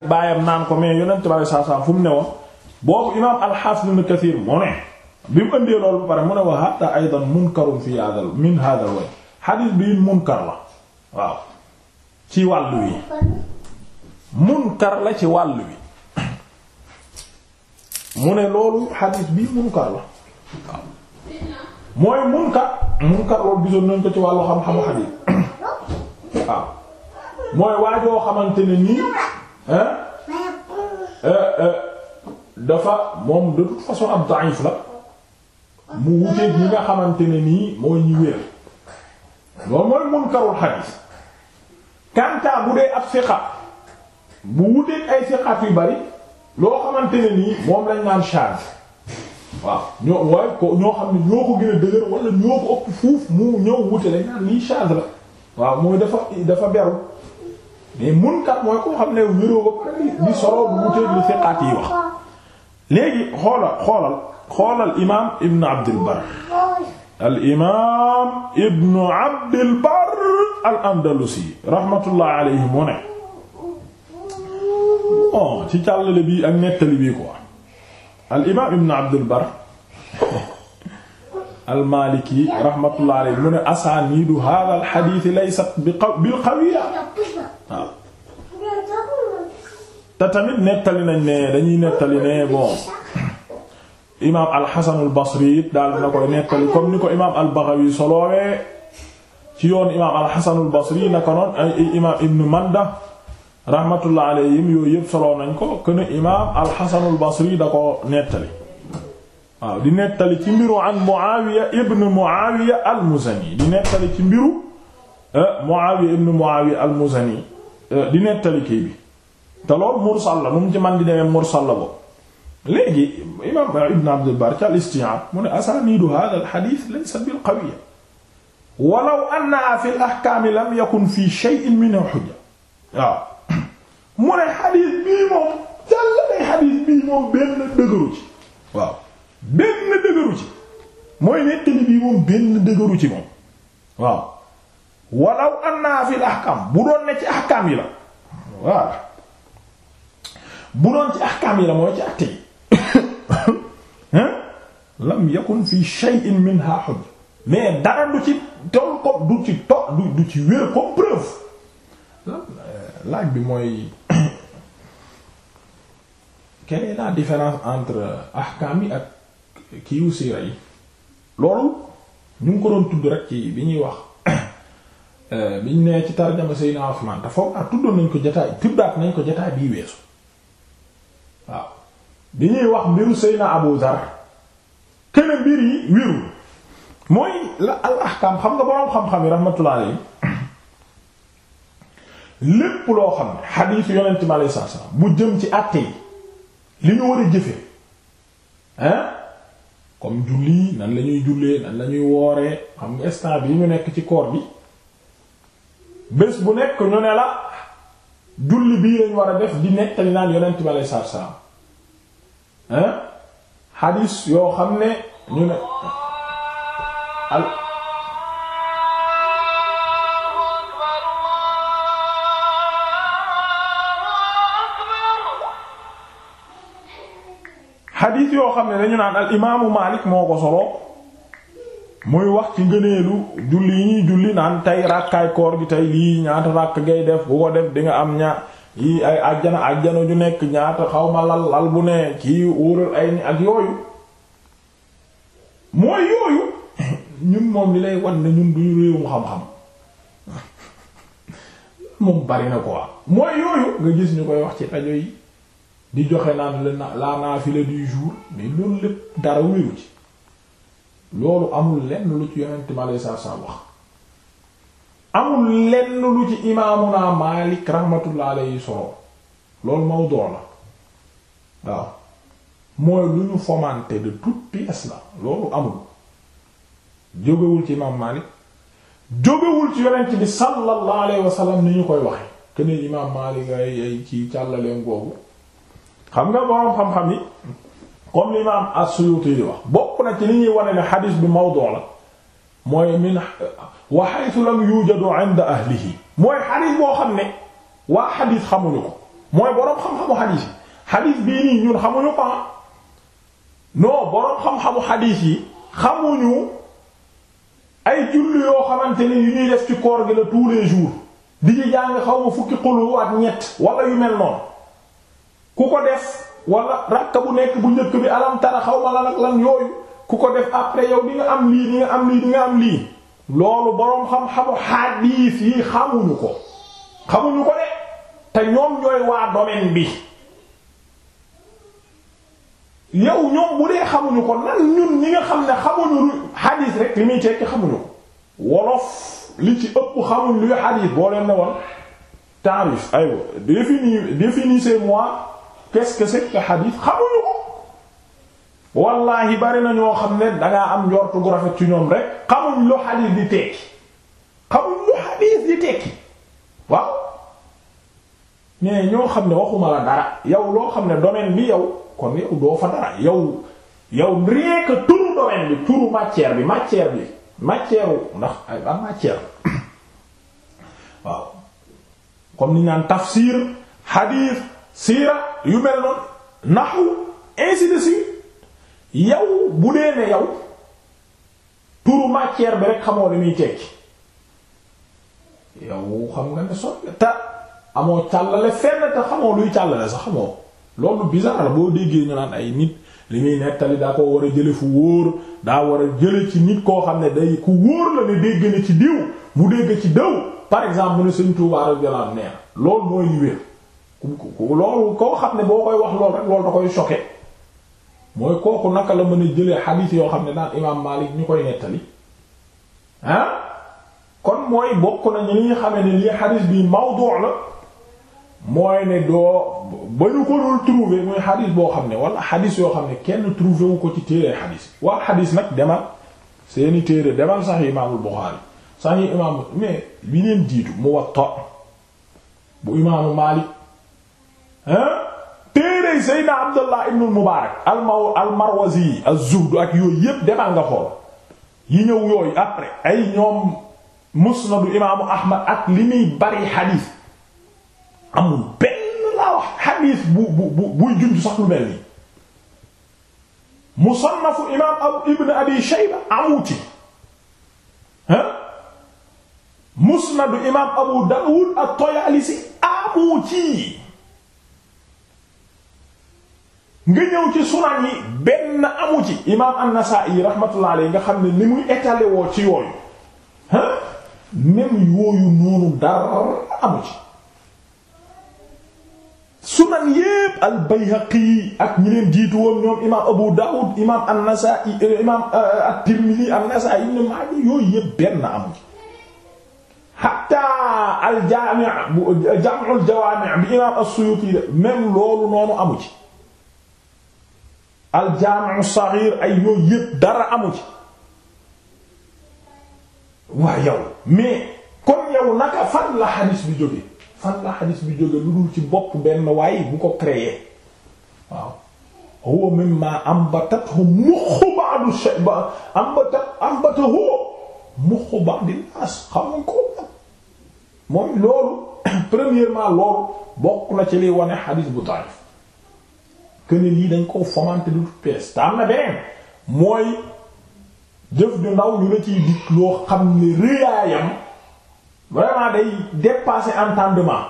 baayam naan ko mais yonent bi saa mu ne woon boobu imaam al-Hafiz Kathir mu ne bi mu loolu ba pare mu ne wa hatta aydan munkarun fi hadha min hadha way hadith bi munkar la ci wàll munkar la ci wàllu xam-xamu hadith mooy waajoo xamante ne nii. Euh, euh, dafa moom de toute façon ab da'if la mu wuteeg ñi nga xamante ne nii mooy ñi wér loolu mooy munkarul xadiis kanta bu dee ab siqa bu wuteeg ay siqaat yu bari loo xamante nii moom lañ naan charge waaw ñoo waaye ko ñoo xam ne ñoo ko gën a dëgër wala ñoo ko ëpp fuuf mu ñëw wute lañ naan lii charge la waaw mooy dafa dafa beru mais munkar mooy koo xam ne wéroo ba pare di solo bu wuteeg lu fiqaat yi wax léegi xoolal xoolal xoolal imaam ibn abdul bar al imaam ibn abdul bar al andalusi rahmatullah alayhi mu ne bon ci càllale bi ak nettali bi quoi al imaam ibn abdul bar al maliki rahmatullah alayhi mu ne asaaniidu haadha al hadiith laysat bi qawiya waaw te tamit nettali nañ ne dañuy nettali ne bon imaam al-Hasan al-Basri daal na koy nettali comme ni ko imaam al-Baghawi soloowee ci yoon imaam al-Hasan al-Basri nañ ko que da ko nettali waaw di nettali ci mbiru an Muawiya ibn Muawiya al-Muzani di nettali ci mbiru eh, Muawiya ibn Muawiya al-Muzani Euh, di nettali kii bi te loolu mursal la ci man di demee mursal la boobu ibn Abdul Barr ca al-Isti'ab mu ne asaaniidu al-hadiith laysa bil fi al-ahkaam lam yakun fii shay'in minhu hujja waaw mu ne xadiis moom jàll day xadiis bii moom benn dëgëru ci moom waaw walaw anna fil ahkam bu doon ne ci ahkam yi la waaw bu doon ci ahkam yi la mooy ci àtte lam yakun fi shay'in minha hujja mais dara du ci tool ko du ci to du ci wér comme laaj bi mooy quelle est la différence entre ahkam yi ak kiiwu siira yi loolu ñu ngi ko doon tudd rek ci bi ñuy wax Euh, biñ nee ci tarjama Seydina Usmaan te foog naa tuddoon nañ ko jotaay tuddaat nañ ko jotaay bii weesu waaw bi ñuy wax mbiru Seydina Abu Zar kene mbir yi wéru mooy la al ahkaam xam nga boroom xam-xam yi rahmatullah lépp loo xam ne xadiisu yonent mi alayhi salaam bu jëm ci àtte yi li ñu war a jëfe hein comme julli nan la ñuy jullee nan la ñuy xam nga instant bi ñu nekk ci koor bi bés bu nekk ñu ne la julli bii lañ war a def di nettali naan yonent bi aleyhi salaatu salaam hein yoo xam ne ñu ne al yoo xam ne dañu naan al imaamu Maalik moo ko solo muy wax ci ngëneelu julli yi ñuy julli naan tey ràkkaay koor gi tey lii ñaata ràkk ngay def bu ko def di nga am ñaa yi ay àjjana àjjana ju nekk ñaata xawma lal lal bu ne ci wóoral ay ni ak yooyu mooy yooyu ñun moom li lay wan ne ñun duñu réewum xam-xam moom bari na quoi mooy yooyu nga gis ñu koy wax ci rajo yi di joxe naan la naafila du jour mais loolu lépp dara wéru ci loolu amul lenn lu ci yonent ma lay saa saa wax amul lenn lu ci imaamuna Maalik rahmatullah alayhi solo loolu mawdu la waaw mooy lu ñu fomante de toutes pièces la loolu amul jógewul ci imaam Maalik jógewul ci yonent bi sallallahu alayhi ni ñu koy waxe keneen imaam Maalik ay ay ci càllaleen googu xam nga boroom xam-xam yi ko l'imam as-Suyuti di wax bokk na ci li ñuy wane ne xadis bi mawdu la mooy min wa haythu lam yujadu 'inda ahlihi mooy xadis boo xam ne waa xadis xamuñu ko mooy boroom xam-xamu xadis yi xadis bii xamuñu ko non boroom xam yi xamuñu ay julli yoo xamante ne yu ñuy def ci koor gi la tous les jours di ci jàng xaw ma fukki xulu ak ñett wala yu mel noonu ku ko def wala rakka bu nekk bu njëkk bi alam xaw ma lan ak lan yooyu ku ko def après yow di nga am lii di am lii di nga am lii loolu boroom xam-xamu xadiis yi xamuñu ko xamuñu ko de te ñoom ñooy waa domaine bi yow ñoom bu dee xamuñu ko nan ñun ñi nga xam ne xamuñu xadiis rek li muy tekki xamuñu ko wolof li ci ëpp xamuñ luy xadiis boo leen ne taarif aywa définir définissez-moi qu'est-ce que c'est que xadiis xamuñu ko wallaahi bari na ñoo xam ne dangaa am njortu gu rafet ci ñoom rek xamuñ lu xadiis di tekki xamuñ lu xadiis di tekki waaw mais ñoo xam ne waxuma la dara yow loo xam ne domaine bi yow kon yow doo fa dara yow yow rekk turu domaine bi turu matière bi matière bi matière ndax ay ba matière waaw comme ni naan tafsir hadith siira yu mel noonu naxu ainsi de yow bu dee ne yow turu matière bi rek xamoo li muy tekki yow xam nga ne sot te amoo càllale fenn te xamoo luy càllale sax xamoo loolu bizarre la boo déggee ñu naan ay nit li muy nettali daa ko war a jële fu wóor daa war a jële ci nit koo xam ne day ku wóor la ne dégg na ci diw mu dégg ci daw par exemple mu ne Sëriñ Tuubaa loolu mooy wér loolu koo xam ne boo koy wax loolu rek loolu da koy choqué mooy kooku naka la mën a jëlee xadiis yoo xam ne daan imaam Maalik ñu koy nettali ah kon mooy bokk na ñu li ñu xamee ne lii xadiis bii mawdu' la mooy ne doo ba ñu ko doon trouver mooy xadiis boo xam ne wala xadiis yoo xam ne kenn trouver wu ko ci téere xadiis bi waa xadiis nag demal seeni téere demal sax imaamul Buxaari sax yi imaam mais li leen jiitu Muwatta bu imaamu Maalik téere Seydina Abdullah ibnul Mubaarak almaw almarwazi az ak yooyu yépp demal nga xool yi ñëw yooyu après ay ñoom musnadu imaamu Ahmad ak li muy bari xadiis amul benn laa wax xadiis bu bu buy junj sax lu mel nii musannafu imaam abu ibn abi shayba amu ci ah musnadu imaam abu daawud at-Tayaalisi amu ci nga ñëw ci sunan yi benn amu ci imaam an-Nasa'i rahmatullah alayhi nga xam ne ni muy étalé woo ci yooyu ah même yooyu noonu dara amu ci sunan yépp al ak ñi leen jiitu woon ñoom imaam Abu Dawud imaam an-Nasa'i euh, imaam euh, at-Tirmidhi an-Nasa'i ibn Maaja yooyu yépp benn amu ci hatta al-Jaami' Jawaami' bi imaam as-Suyuti loolu noonu amu ci. aljaamiu saxiir ay yooyu dara amu ci waa yow mais kon yow naka fan la xadis bi jóge fan la xadis bi jóge lu dul ci bokk benn waaye bu ko créé waaw huwa mimma ambatathu muxu ba'du shay ba ambatat ambatahu muxu ba'di nas xamuñ ko moom loolu premièrement loolu bokk na ci liy wane xadis bu daif que lii dañ koo fomante du pees te na beneen mooy jëf ju ndaw ñu la ciy dikk loo xam ne rëyaayam vraiment day dépasser entendement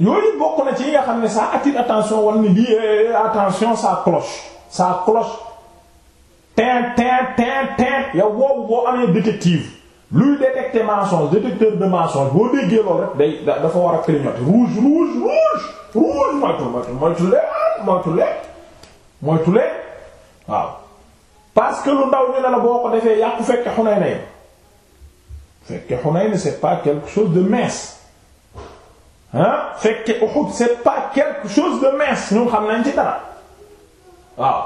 yooyu bokk na ci yi nga xam ne ça attire attention wala ni lii eh, attention ça cloche saa cloche tin tin tin tin yow boobu amee détective luy détecter mensonge détecteur de mensonge boo déggee loolu day dafa war a clignoter rouge rouge rouge rouge moytu moytu moytu leen moytu leen moytu leen waaw parce que lu ndaw ñu ne la boo ko defee yàqu fekke xunay na yem fekke xunay na c'est pas quelque chose de mince ah fekke Uhud c'est pas quelque chose de mince ñun xam nañ ci dara waaw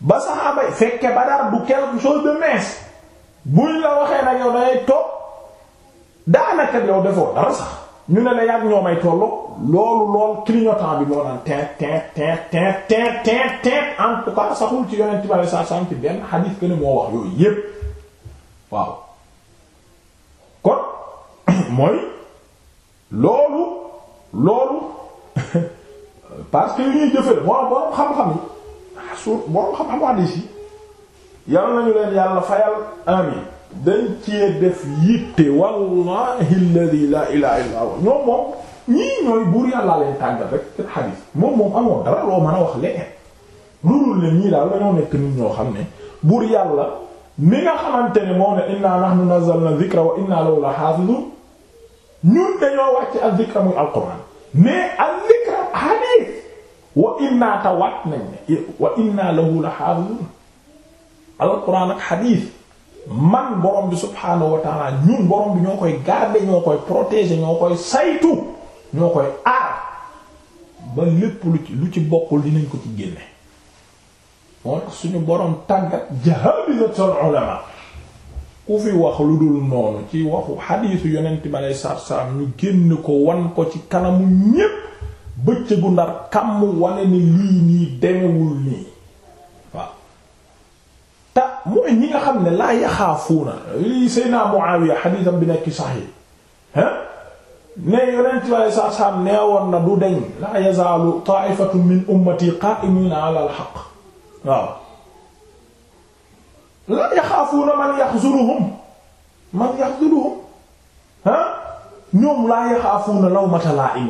ba saxaaba fekke Badar du quelque chose de mince buñ la waxee nag yow dangay toog daanaka yow defoo dara sax ñu ne la yàgg ñoo may tolloo loolu lool clignotant bi moo naan teint teint teint teint teint teint teint en tout cas saxul ci yonent bi saa saa ci benn xadiis que ne moo wax yooyu yépp waaw kon mooy loolu loolu parce que li ñuy jëfee moo borom xam-xam yi ah suur xam-xam xadiis yi. yal nañu leen yàlla fayal amin dañ cee def yitte wallahi alladhi la ilaha illa huwa ñoom moom ñii ñooy buur yàllaa leen tàggal rek ci xadiis moom moom amoon dara loo mën a wax leneen loolu la ñii daal dañoo nekk nit ñoo xam ne buur yàlla mi nga xamante ne moom ne inna nahnu nazzalna dhikra wa inna lahu lahafizun ñun dañoo wàcc az-zikra muy alquran mais az-zikra hadith wa inna tawat nañ wa inna lahu lahafizun alquran ak hadith man borom bi subhaanahu wa ñun borom bi ñoo koy garder ñoo koy protéger ñoo koy saytu ñoo koy aar ba lépp lu ci lu ci bokkul dinañ ko ci génne moo tax suñu borom tàggat jahabizatul ulama ku fi wax lu dul noonu ci waxu xadiisu yonent bi aleyhi salaatu salaam ñu génn ko wan ko ci kanamu ñépp bëccëgu ndar kàmm wane ni lii nii demewul nii te mooy ñi nga xam ne laa yaxaafuuna lii Seydina Muawiya xadiisam bi nekk saxiix ne yonent bi alayhi salaatu salaam neewoon na du deñ laa yazaalu taa'ifatun min ummatii qaa'imuuna alal haqq laa yaxaafuuna man yaxzuluhum man laa yaxaafuuna lawmata laa'im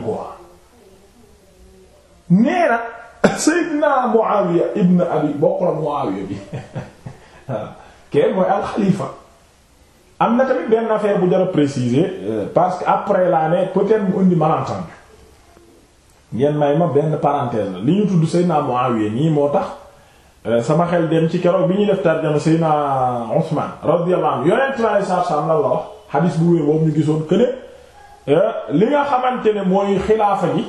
nee na Seydina Muawiya ibn Abi bokk la Muawiya bi kee mooy alxalifa am na tamit benn affaire bu jar a préciser euh. parce que après laa ne peut-être mu indi malentendu ngeen may ma benn parenthèse li ñu tudd Seydina Muawiya nii moo tax euh, sama xel dem ci keroog bi ñuy def tarjama Seydina Usman radiyallahu anhu yonent bi alayhi salaatu salaam la wax xadiis bu wér boobu ñu gisoon que euh, li nga xamante ne mooy xilaafa gi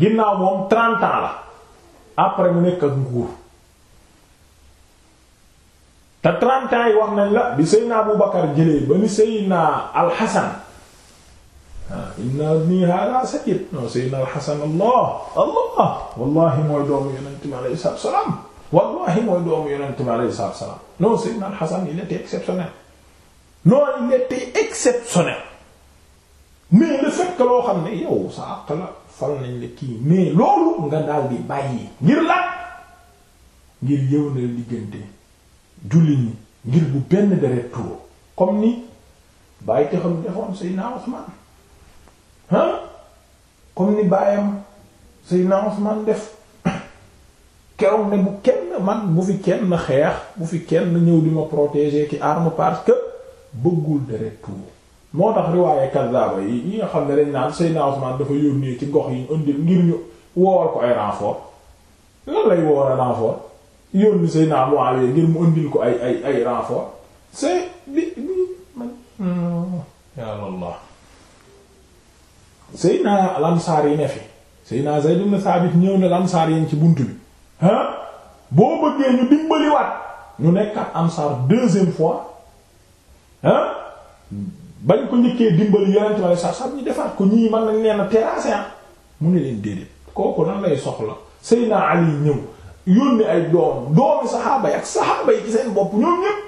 ginnaaw moom 30 ans la après mu nekk ak nguur. te 30 ans yi wax nañ la bi Seydina Abu Bakar jëlee ba ni Seydina Al-Hasan ah inna ibni hada sakit non Seydina al allah allah wallahi mooy doomu yonent mi alayhi salaam wallahi mooy doomu yonent mi alayhi salaatu wa salaam non Seydina al loo xam ne yow sa àq la fal nañ la kii mais loolu nga daal di bàyyi ngir la ngir yëw na diggante jullit ñi ngir bu benn deret tuur comme ni bàyyi te xam defoon Seydina Usmaan ah comme ni bàyyam Seydina Usmaan def keroog ne bu kenn man bu fi kenn xeex bu fi kenn ñëw di ma protéger ki arme parce que bëggul deret tuur moo tax riwaaye kazaaba yi yi nga xam ne dañ naan Seydina Usmaan dafa yónnee ci gox yi ñu ngir ñu woowal ko ay renfort lan lay woowal renfort yónni Seydina Muawiya ngir mu ëndil ko ay ay ay renfort c'est bi bi man hmm. yaa Allah Seydina Ansaar yi ne fi Seydina Zayd ibn Thabit ñëw na Ansaar yi ci bunt bi ah boo bëggee ñu dimbaliwaat ñu nekk ak Ansaar deuxième fois ah bañ ko njëkkee dimbali yonent wala sax sax ñu defaat ko ñii mën nañ leen a terrasser mu ne leen déedéet kooku nan lay soxla Seydina Ali ñëw yónni ay doom doomi saxaaba yi ak saxaaba yi ci seen bopp ñoom ñépp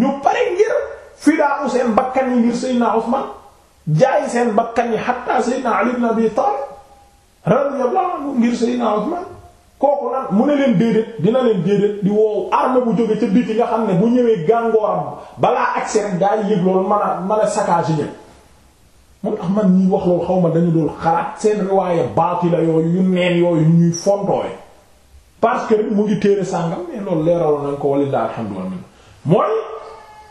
ñu pare ngir fidaa seen bakkan yi ngir Seydina Usman jaay seen bakkan yi hatta Seydina Ali ibn Abi Talib radiyallahu anhu ngir Seydina Usman kooku nag mu ne leen déedéet dina leen déedéet di woowu arme bu jóge ca biti nga xam ne bu ñëwee gàngooram balaa ak seen gaa yi yëg loolu mën a mën a saccage ñëpp moo tax man ñuy wax loolu xaw ma dañu doon xalaat seen riwaaya baatila yooyu yu neen ñuy fontooy parce que mu ngi téere sàngam mais loolu leeraloon nañ ko walilah alhamdulilah mooy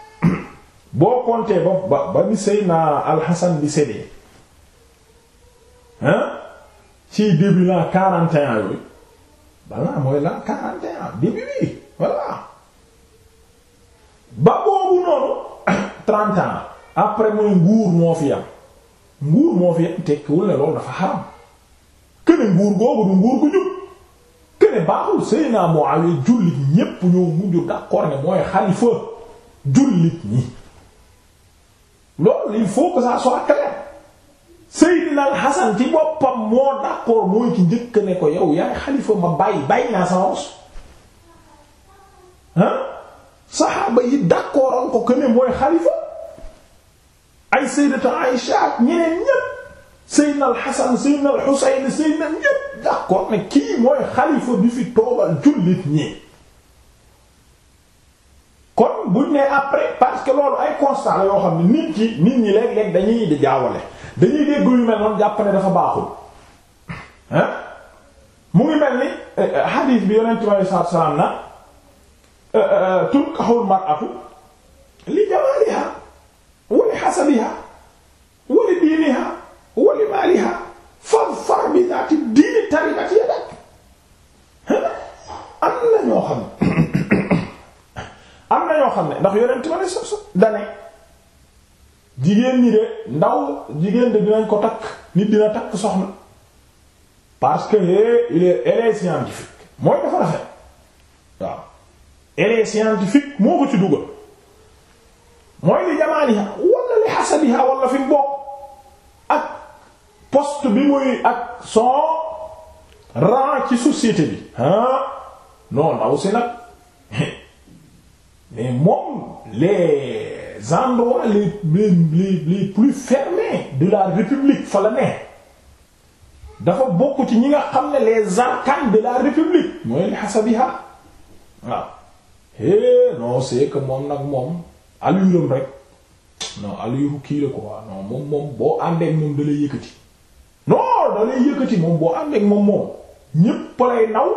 boo compter ba ba ni Seydina Alxasan bi séddee hein ci début quarante et un yooyu balaa mooy l'an quarante et un début ba boobu noonu trente ans après mooy nguur moo fi am nguur moo fi am tekkiwul ne loolu dafa xaram que nguur googu du nguur gu jub. ne baaxul Seydina Muawiya jullit ñépp ñoo mujj d'accord ne mooy xalifa jullit ñi loolu il faut que ça soit clair Seydina Al-Hasan ci boppam moo d'accord mooy ci njëkk ne ko yow yaay xalifa ma bàyyi bàyyi naa sama os ah saxaaba yi d'accord ko que mooy xalifa ay Sayyidatu Aïcha ñeneen ñépp Seydina al Hasan Seydina al Husayn Seydina ñépp kii mooy xalifa bi fi toogal jullit ñi kon buñ ne après parce que loolu ay constat la yoo xam ne nit ki nit ñi dañuy di jaawale dañuy dégg yu mel noonu jàpp ne dafa baaxul ah mu ngi mel ni eh, eh, hadith bi yonent bi sallallahu alayhi na eh, tunkahul mar'atu li jamaliha wa hasabiha wa li bi zaati diini tariqati am na ñoo xam ne am na ñoo xam ne ndax yonent ma ne sa sa dane jigéen ñi de ndaw jigéen de dinañ ko takk nit dina takk soxna parce que eh, il est elle scientifique moo ko ci dugal mooy li jamaaniha wala li hasabiha wala fi mu poste bi muy ak son ci société bi ah non ndaw si nag mais moom les endroits les les les plus fermés de la république fa la ne dafa bokk ci ñi nga xam ne les arcanes de la république mooy li xasabiha waaw eh non c'est que moom nag moom alluram rek non allure kii la quoi non moom moom boo àndee moom da yëkkati. non da lay yëkkati moom boo ànd ak moom moom ñépp lay naw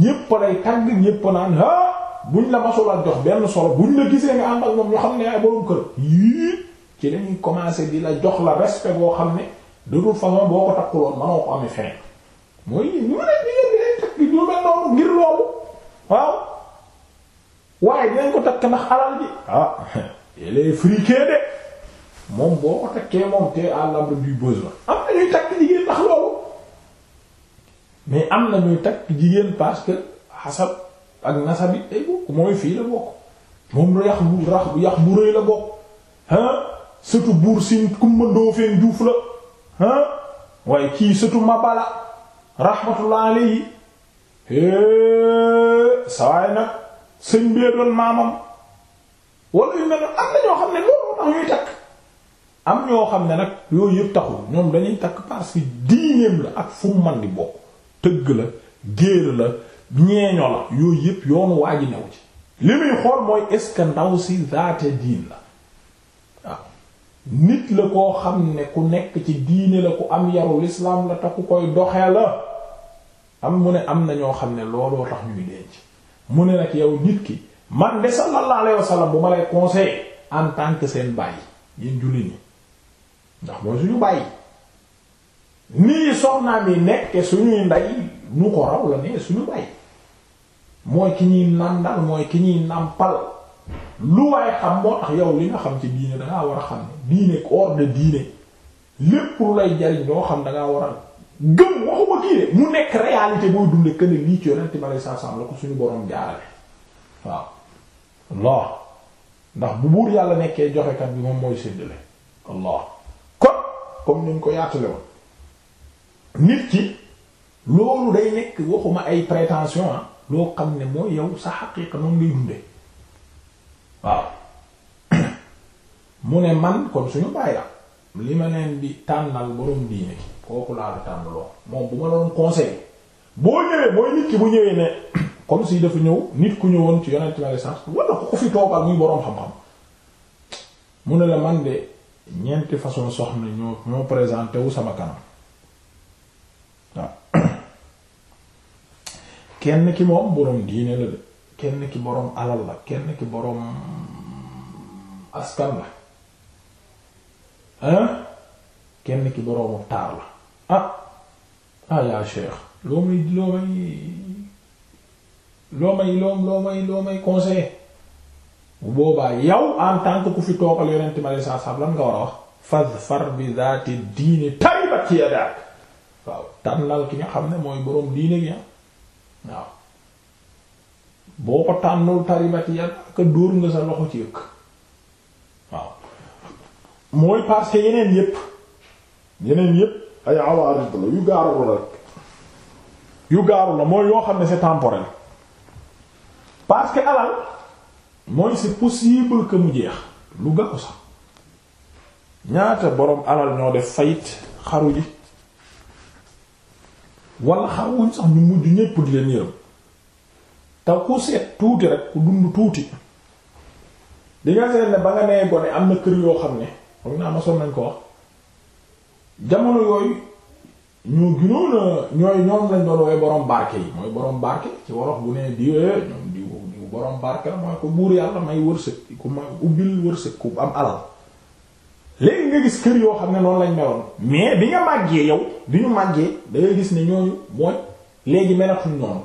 ñépp lay tàgg ñépp naan ah buñ la masul a jox benn solo buñ la gisee nga ànd ak moom ñoo xam ne ay borom kër yii ci lañuy commencer di la jox la respect boo xam ne de toute façon boo ko takkuloon manoo ko amee feneen mooy ñu ne jigéen bi day takk ñu mel noonu ngir loolu waaw waaye dinañ ko takk ndax alal ji ah il est de. moom boo ko takkee moom te à l'abri du besoin am na ñuy takk jigéen ndax loolu mais am na ñuy takk jigéen parce que xasab ak nasab bi ay bokk mooy fii la bokk moom yax bu rax bu yax bu la bokk ah surtout bur sin kumbandoo feen juuf la ah waaye kii surtout mabala rahmatullah alayhi sawaay nag sëñ bee doon maamam wala yu mel am na ñoo xam ne loolu tax ñuy takk am ñoo xam ne nag yooyu yëpp taxul ñoom dañuy takk parce que diineem la ak fu mu man di bokk tëgg la géer la ñeeño la yooyu yëpp yoonu waa ji new ci li muy xool mooy est-ce ndaw si zaate diin la waaw nit la koo xam ne ku nekk ci diine la ku am yaru l'islam la tax ku koy doxee la am mu ne am na ñoo xam ne looloo tax ñuy denc mu ne nag yow nit ki man de sallallahu alayhi wasallam bu ma lay conseiller en tant seen bàyyi yéen julli nii ndax mooy suñu bàyyi nii soxnaa mi nekkee suñuy ndey nu ko raw la ne suñu bàyyi mooy ki ñuy nàndal mooy ki ñuy nàmpal lu waaye xam moo tax yow li nga xam ci diine dangaa war a xam ne diine koor de diine lépp lu lay jariñ loo xam dangaa war a gëm waxuma diine mu nekk réalité booy dunde que ne lii ci yonent bi alei satu la ko suñu boroom jaarale waaw Allah ndax bu buur yàlla nekkee joxekat bi moom mooy séddale Allah comme ni ko yaatale woon nit ki loolu day nekk waxuma ay prétention ah loo xam ne mooy yow sa xaqiiqa noonu ngay dunde waaw mu ne man kon suñu bàyyi la li ma leen di tànnal borom diine kooku laa la tànnaloo moom bu ma doon conseil boo ñëwee mooy nit ki bu ñëwee ne comme si dafa ñëw nit ku ñëwoon ci yonent ma licence wala ku ko fi toogal muy boroom xam-xam mu ne la man de ñeenti façon soxna ñoo ñoo présenté wu sama kanam waaw kenn ki moom boroom diine la de kenn ki boroom alal la kenn ki boroom askan la hein kenn ki boroomu taar la ah ah yaa cheikh loo may loo may loo may loo may loo may conseiller bu boobaa yow en tant que ku fi toogal yonent mi alayhi salaam lan nga war a wax fadfar bi zaati diini taribat yadak waaw tànnal ki nga xam ne mooy boroom diine gi waaw boo ko tànnul taribat yadak dóor nga sa loxo ci yëkk waaw mooy parce yeneen yépp yeneen yépp ay awaarid la la rek yu gaarul la mooy yoo xam ne c'est temporel parce alal mooy c'est possible que mu jeex lu gàkku sax ñaata boroom alal ñoo def fayit xaru ji wala xaruñ sax ñu mujj ñépp di leen yërëm te ku seet tuuti rek ku dund tuuti di nga ne ba nga nee gone am na kër yoo xam ne xam naa ma son nañ ko wax jamono yooyu ñoo ginoona ñooy ñoom lañ doon woowee borom barke yi mooy borom barke ci wolof bu nee diwee ñoom borom barke la mooy ko buur yàlla may wërsëg ku ma ubbil wërsëg ku am alal léegi nga gis kër yoo xam ne noonu lañ meloon mais bi nga màggee yow bi ñu màggee da gis ne ñooñu mooy léegi melatuñ noonu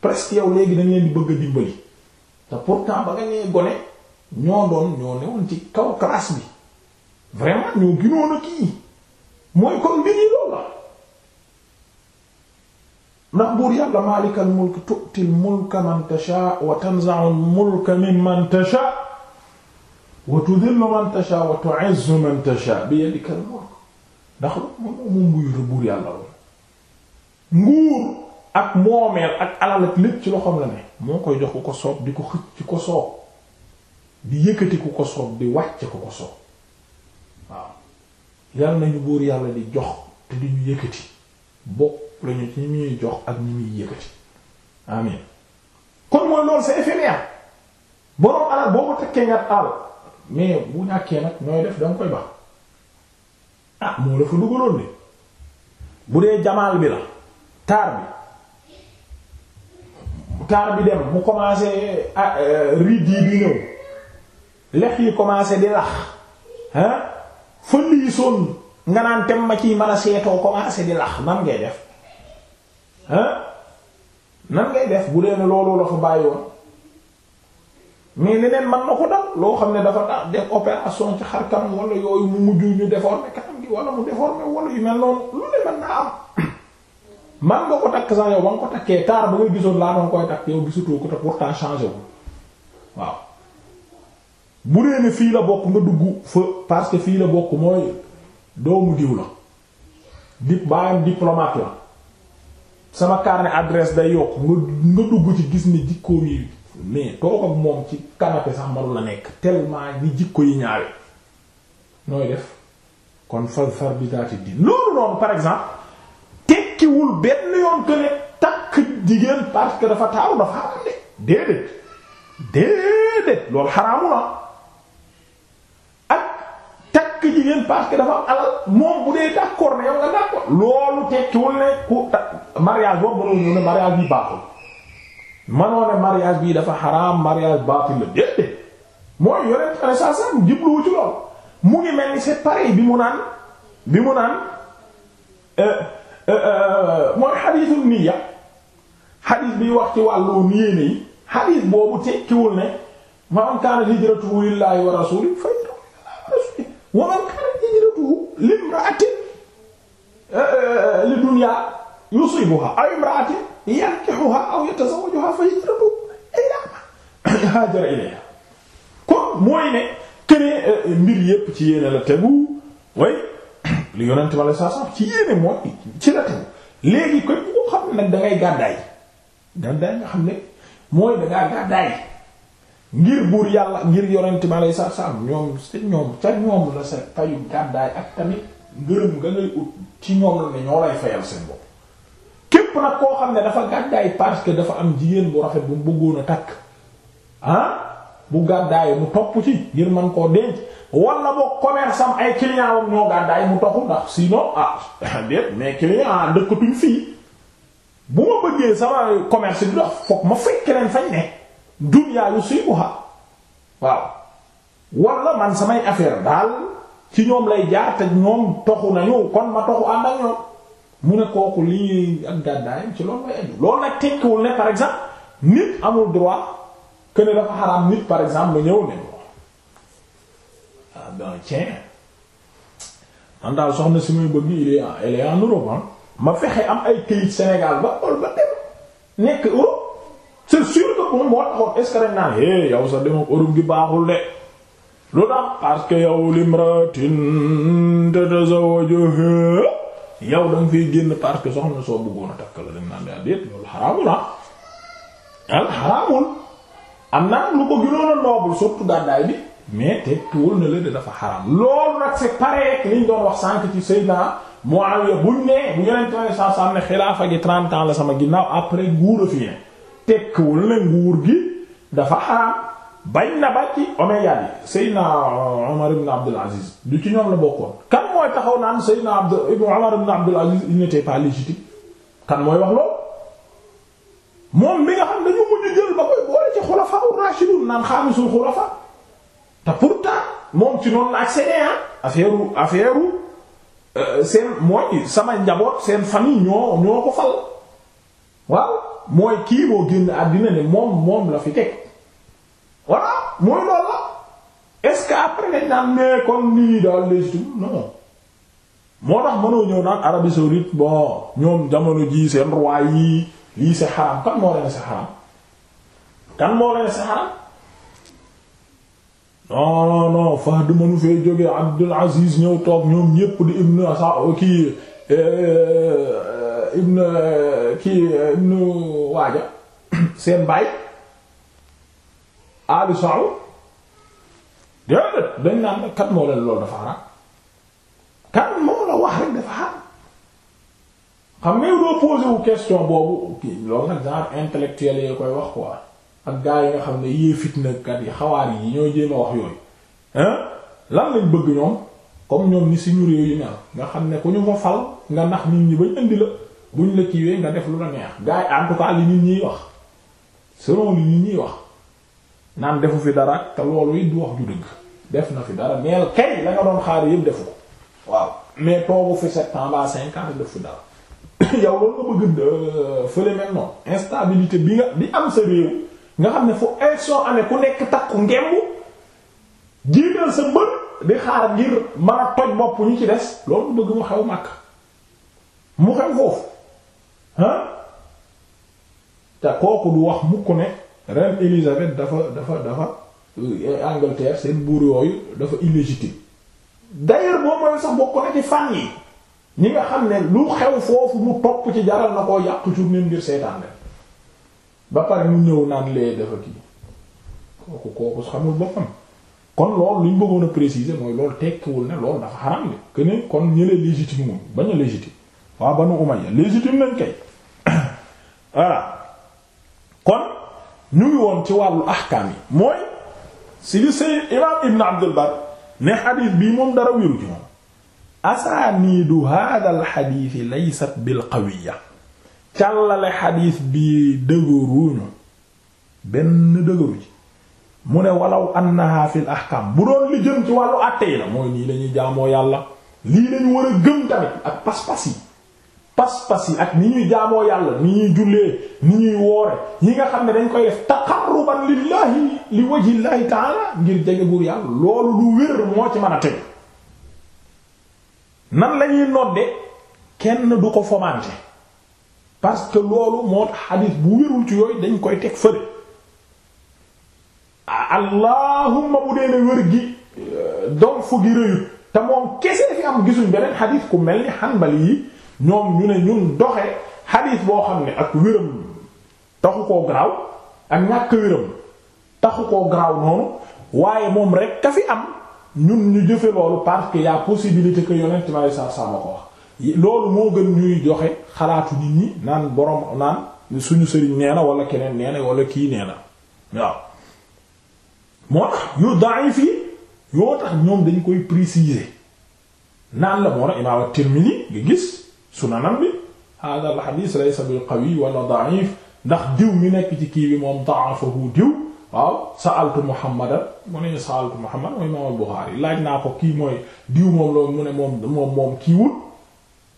presque yow léegi dañ leen di bëgg a dimbali te pourtant ba nga nee gone ñoo doon ñoo newoon ci kaw classe bi vraiment ñoo ginoon a kii mooy comme bi ñu ndax buur yàlla maalikal mulk tu'til mulka man wa tanza'ul mulka mimman tasha wa tudhillu man tasha wa tu'izzu man tasha bi yadikal mulk ndax moom moom buy buur yàlla woon nguur ak moomeel ak alal ak lépp ci loxoom la ne moo koy jox ku ko soob di ko xëcc ko soob di yëkkati ko soob di wàcc ku ko soob waaw yàlla nañu buur yàlla di jox te di ñu yëkkati bokk la ñu ci ñuy jox ak ñi muy yëkkati amin kon mooy loolu c'est éphémère borom alal boo ko tekkee nga àll mais bu ñàkkee nag nooy def da koy bax ah moo la fa dugaloon de bu dee jamaal bi la taar bi taar bi dem mu commencé ah, euh, riid yi di ñëw lex yi commencé di lax ah fa lii sonn nga naan tem ma ciy ma a seetoo commencé di lax nan ngay def nan ngay def bu dee ne loolu la fa bàyyi woon mais leneen man na ko dal loo xam ne dafa dal def opération ci xar kanam wala yooyu mu mujj ñu déformé kanam gi wala mu déformé wala yu mel noonu lu ne mën naa am man nga ko takk sax yow ba nga ko takkee taar ba nga gisoon laa doon koy takk yow gisatoo ko te pourtant changé wu waaw bu dee fii la bokk nga dugg fa parce que fii la bokk mooy doomu diw la di baayam diplomate la sama carnet adresse day yokk nga nga dugg ci gis ni jikkoom yi mais toog ak moom ci canapé sax manu la nekk tellement ni jikko yi ñaawe nooy def kon far bi daati di loolu noonu par exemple tekkiwul benn yoon que ne takk jigéen parce que dafa taaru dafa xaram déedéet déedéet loolu xaraamu la takk jigéen parce dafa am alal moom bu dee d'accord ne yow nga d'accord loolu tekkiwul ne ku mariage boobu dafa xaraam mariage baaxul la déedéet mooy yore mu ngi mel ni c'est bi mu naan bi mu naan euh, euh, euh, mooy xadiisul wax ci wàllu nii nii xadiis boobu tekkiwul ne ma am kaana hijratu lillahi wa wa man kanat hijratuhu limra'atin eh, eh, li dunya yusibuha aw imra'atin yankihuha aw yatazawwajuha fa hijratuhu ila ma hajara ilayha kon mooy ne keneen eh, mbir yépp ci yéene la tegu way li yonent ma la saa sax ci yéene mooy ci la tegu léegi koy bu ko xam ne dangay gàddaay gàddaay nga xam ne mooy dangaa gàddaay ngir buur yàlla ngir yonent ma lay sa saam ñoom ci ñoom ca ñoom la sa payu gàddaay ak tamit ngërëm nga ngay ut ci ñoom la ne ñoo lay fayal seen bopp képp nag koo xam ne dafa gàddaay parce que dafa am jigéen bu rafet bu mu a takk ah bu gàddaay mu topp ci ngir man koo denc wala boo commerce ah, ah, bëggee sama commerce bi dox foog ma fekk leen fañ ne dunya yusibuha waaw wala man samay affaire daal ci ñoom lay jaar te ñoom toxu nañu kon ma toxu ànd ak ñoom mu ne kooku lii ak gàddaayam ci loolu lay aju loolu nag tekkiwul ne par exemple nit amul droit que ne dafa xaraam nit par exemple ñëw ne ah ben tiens man daal soxna si muy bëgg il est en elle est ma fexe am ay këyit Sénégal ba xool ba dem nekk Europe c'est sûr que moom moo taxoon est ce que dañ naan eh yow sax demoo baaxul de lu tax parce que yow limratin tatazawwajuha eh, yow da nga fiy génn parce que soxna soo bëggoon a takk la dañ naan daa ah, déet loolu xaraamul ah al ah, am na lu ko gënoon a noobul surtout gàddaay bi mais te tuwul na la dafa xaraam loolu nag c'est pareil ak liñ doon wax sànq ci Seydina Muawiya buñ ne bu ñu leen traité sans sànni xilaafa gi 30 ans la sama ginnaaw après guur a fi tekkiwul ne nguur gi dafa xaraam bañ na ba ci yi Seydina Omar ibn Abdul Aziz du ci ñoom la bokkoon kan mooy taxaw naan Seydina Abd Omar ibn Abdul Aziz il n'était pas légitime kan mooy wax loolu moom mi nga xam dañu mujj jël ba koy boole ci xulafa ar-rashidun naan xaamisul xulafa te pourtant moom ci noonu la accédé ah affaire affaire euh, seen mooy sama njaboot seen famille ñoo ñoo ko fal. waaw mooy kii moo génn àddina ne moom moom la fi teg voilà mooy loolu la est-ce que après dañ naan mais kon nii daal légitime non moo tax mënoo ñëw naan Arabie saoudite bon ñoom jamono ji seen roi yi lii c'est xaram kan moo leen c'est xaram kan moo leen c'est xaram non non fa du mënu fee jóge Abdul Aziz ñëw toog ñoom ñépp di ibnu sa kii euh, ibn kii ibn waaja seen baay alu Saud déedéet dañ naan kat moo leen loolu dafa xaraam kat moo la wax rek dafa xaraam xam nga doo question boobu kii loolu nag genre intellectuel yi koy wax quoi ak gars yi nga xam ne yee fitnakat yi xawaar yi ñoo jéem a wax yooyu hein lan lañ bëgg ñoom comme ñoom ni suñu réew yi ne nga xam ne ku ñu fa fal nga nax nit ñi bañ indi la buñ la kiiwee nga def lu la neex gars yi en tout cas li nit ñiy wax selon li nit ñiy wax naan defu fi dara te loolu it du wax ju dëgg def na fi dara neel kay la nga doon xaar yëpp defu ko waaw mais toogu fi sept ans ba cinq ans def fi dara yow loolu nga bëgg euh, fële noonu instabilité bi nga bi am sa réew nga xam ne fu élection amee ku nekk takku ngemb jiital sa bër di xaar ngir mën a toj bopp ñu ci des loolu bëgg mu xew màkk mu xew foofu ah te kooku du wax mukk ne ren Élisabeth dafa dafa dafa euh, Angleterre seen buur yooyu dafa illégitime d'ailleurs boo mooy sax bokk na ci fànn yi ñi nga xam ne lu xew foofu mu topp ci jaral na koo yàq journée ngir seetaan leen ba pare mu ñëw naan lee dafa kii kooku kooku xamul boppam kon loolu li ñu bëggoon a préciser mooy loolu tekkiwul ne loolu dafa xaram bi que ne kon ñëlee légitime moom bañ a légitime waaw Banu Umayya légitime nañ kay voilà kon ñu ngi woon ci wàllu ahkaam yi mooy si li sayyid imaam ibn abdul bar ne xadiis bii moom dara wéru ci moom asaaniidu hada al xadiis laysat bil qawiya càllale xadiis bii dëgëruñu benn dëgëru ci mu ne walaw annaha fil ahkaam bu doon li jëm ci wàllu àtte yi la mooy nii lañuy jaamoo yàlla lii lañu war a gëm tamit ak pas-pas yi pas-pas yi ak ni ñuy jaamoo yàlla ni ñuy jullee ni ñuy woore yi nga xam ne dañ koy def taqarruban lillahi li wajhillahi ta'ala ngir jege buur yàlla loolu lu wér moo ci mën a teg nan lañuy nodde kenn du ko fomante parce que loolu moo tax xadiis bu wérul ci yooyu dañ koy teg fële allahumma bu dee ne wér gi euh, donc fu gi rëyut te moom kese fi am gisuñ beneen xadiis ku mel ni xanbali yi ñoom ñu ne ñun doxe xadiis boo xam ne ak wéram taxu ko graw ak ñàkk wéram taxu ko garaaw noonu waaye moom rek ka fi am ñun ñu jëfe loolu parce que y'a possibilité que yonent ma sa sa ko wax loolu moo gën ñuy joxe xalaatu nit ñi naan borom naan suñu sëriñ nee na wala keneen nee na wala kii nee na waaw moo tax yu da'if yi yoo tax ñoom dañ koy préciser naan la moo na imaam at-Tirmidhi nga gis sunanam bi hada al hadith laysa bil qawi wala da'if ndax diw mi nekk ci kii bi moom da'afahu diw waaw sa'altu muhammadan mu ne sa'altu muhammad mooy imaam al buxaari laaj naa ko kii mooy diw moom loolu mu ne moom moom moom kiiwul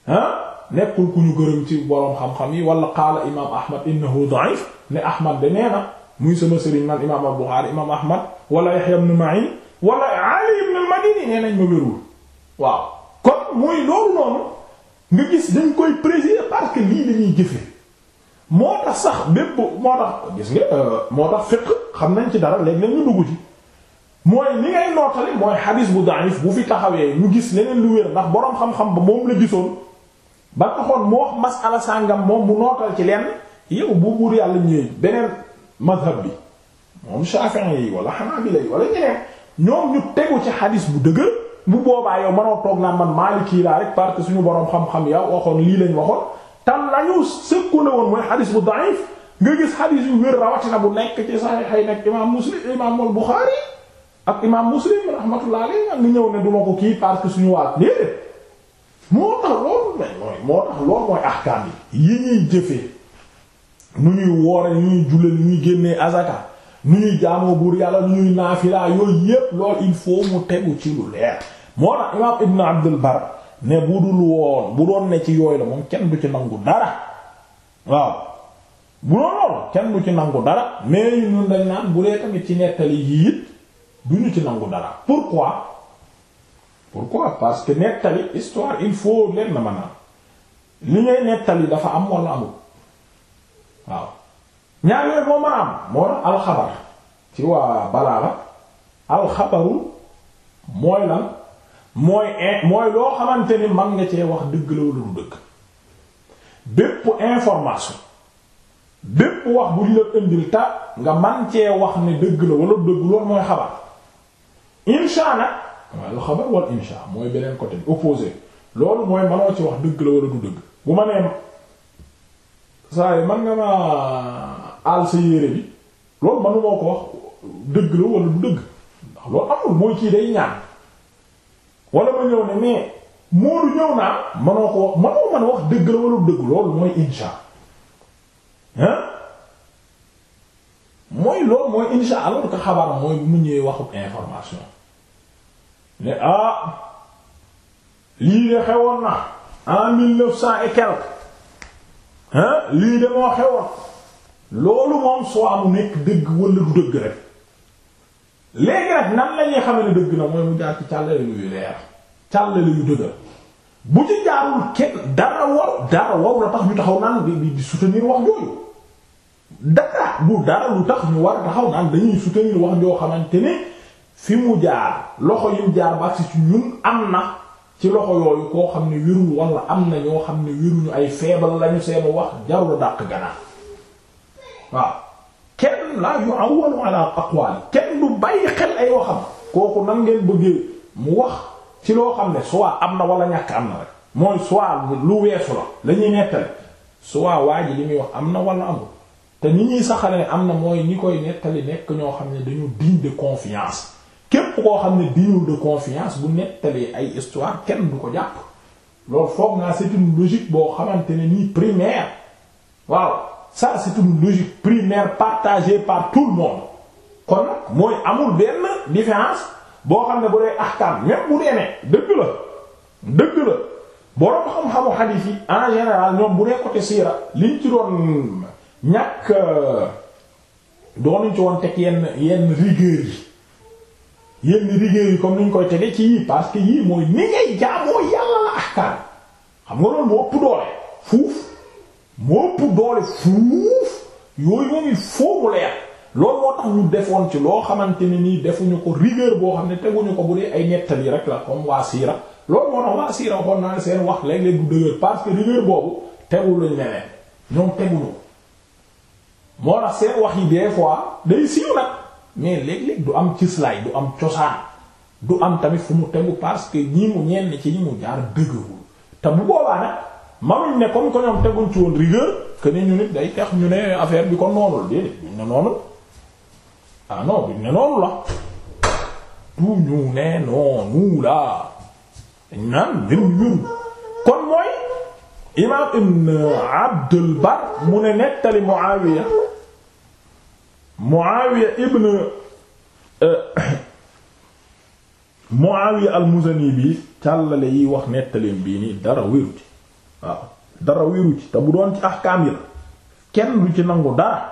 ah nekkul ku ñu gërëm ci borom xam-xam yi wala qaala imaam ahmad innahu da'if ne ahmad de nee na muy sama sëriñ naan imaam al buxaari imaam ahmad wala yahya ibn ma'in wala ali ibn al madini nee nañ ma wérul waaw kon muy nga gis dañ koy présider parce que lii dañuy jëfe moo tax sax bépp moo tax gis nga euh, moo tax fiqh xam nañ ci dara léegi ñu dugg ci mooy li ngay nootale mooy xadis bu daif bu fi taxawee ñu gis leneen lu wér ndax boroom xam-xam ba moom la gisoon ba taxoon mu wax masala sàngam moom mu nootal ci lenn yow bu buur yàlla ñëwee beneen madhab bi moom Shafi'i yi wala Hanabila yi wala ñeneen ñoom ñu tegu ci xadis bu dëgër bu boobaa yow mënoo toog naa man Maliki rek parce suñu borom xam-xam ya waxoon lii lañ waxoon tam lañu sëkku ne woon mooy xadis bu da'if nga gis xadis yu wér rawatina bu nekk ci saxiixay nekk imaam Muslim imaam al-Buxaari ak imaam Muslim rahmatullahi alayhi nga ñëw ne du ko kii parce suñu waat déedéet moo tax loolu mooy moo tax loolu mooy ahkaam yi ñuy jëfee nu ñuy woore nu ñuy julle nu ñuy génnee azaka nu ñuy jaamoo buur yàlla ñu ñuy naafilaa yooyu yépp loolu mu tegu ci leer moo tax imaam Ibn Abdul Bar ne bu dul woon bu doon ne ci yooyu la moom kenn bu ci nangu dara waaw bu doon lool kenn du ci nangu dara mais ñun dañ naan bu dee tamit ci nettali yii it duñu ci nangu dara pourquoi pourquoi parce que nettali histoire il faut leen na maanaam li ngay nettali dafa am wala amul waaw ñaar yooyu moo ma am moo tax alxabar ci waa balaa la alxabaru mooy lan mooy mooy loo xamante ni man nga cee wax dëgg la wala du dëgg bépp information bépp wax bu ñu la indil ta nga man cee wax ne dëgg la wala dëgg loolu mooy xabar beneen côté bi loolu mooy manoo ci wax dëgg la wala du dëgg bu ma nee saa yi man nga ma àll sa yére bi loolu mënu moo ko wax dëgg la wala du dëgg ndax loolu amul mooy kii day ñaan wala ma ñëw ne mais Moodu ñëw naa manoo ko manoo man wax dëgg la wala dëgg loolu mooy insha ah mooy loolu mooy insha alors que xabaar mooy mu ñëwee waxub information ne ah lii de xewoon na en mille neuf cent et quelque hein lii de xewoon loolu moom soo mu nekk dëgg wala du dëgg rek. léegi nag nan la ñuy xamee dëgg na mooy mu jaar ci càllale yu leer càllale yu dëgër bu ci jaarul kenn dara wow dara wow la tax ñu taxaw naan di di soutenir wax jooju dara bu dara lu tax ñu war a taxaw naan dañuy soutenir wax joo xamante ne fi mu jaar loxo yi mu jaar ba ci ñun am na ci loxo yooyu koo xam ne wérul wala am na ñoo xam ne wéruñu ay feebal lañu seen wax jarul dàq gannaaw waaw. kenn la yu awwalu ala aqwali kenn du bàyyi xel ay waxam kooku nan ngeen bëggee mu wax ci loo xam ne soit am na wala ñàkk am na rek mooy soit lu weesu la la ñuy nettali soit waa ji li muy wax am na wala amul te ni ñuy saxale ne am na mooy ñi koy nettali nekk ñoo xam ne dañu digne de confiance képp koo xam ne digne de confiance bu nettalee ay histoire kenn du ko jàpp loolu foog naa c'est logique boo xamante ne nii primaire waaw ça c'est une logique primaire partagée par tout le monde kon mooy amul benn différence boo xam ne bu dee ahkaam même bu dee ne dëgg la dëgg la borom xam-xamu hadith yi en général ñoom bu dee côté siira liñ ci doon ñàkk euh, doonuñ ci woon teg yenn yenn rigueur yi yenn rigueur yi comme niñ koy tege ci yii parce que yii mooy ni ngay jaamoo yàlla ahkaam xam nga loolu moo ëpp doole fuuf. moo ëpp doole fuuf yooyu moom il faut mu leer loolu moo tax ñu defoon ci loo xamante ni nii defuñu ko rigueur boo xam ne teguñu ko bu dee ay nettali rek la comme waa siira loolu moo tax waa siira waxoon naa seen wax léeg-léeg du dëgër parce que rigueur boobu tegu lañu neneen ñoom teguñu moo tax seen wax yi des fois day siiw nag mais léeg-léeg du am cislaay du am cosaan du am tamit fu mu tegu parce que ñi mu ñenn ci ñi mu jaar dëgërul manuñ ne comme que ñoom teguñ ci woon rigueur que ñu nit day tax ñu ne affaire bi ko noonu la déedéet duñ ne noonu ah duñ ne noonu la du ñu ne noonu la dañ naan mbir mi kon ne nettali Muawiya Muawiya ibn Muawiya al bi càllale yi wax nettaleen bii nii dara wéru ci waaw dara wéeru ci te bu doon ci ahkaam yi kenn du ci nangu dara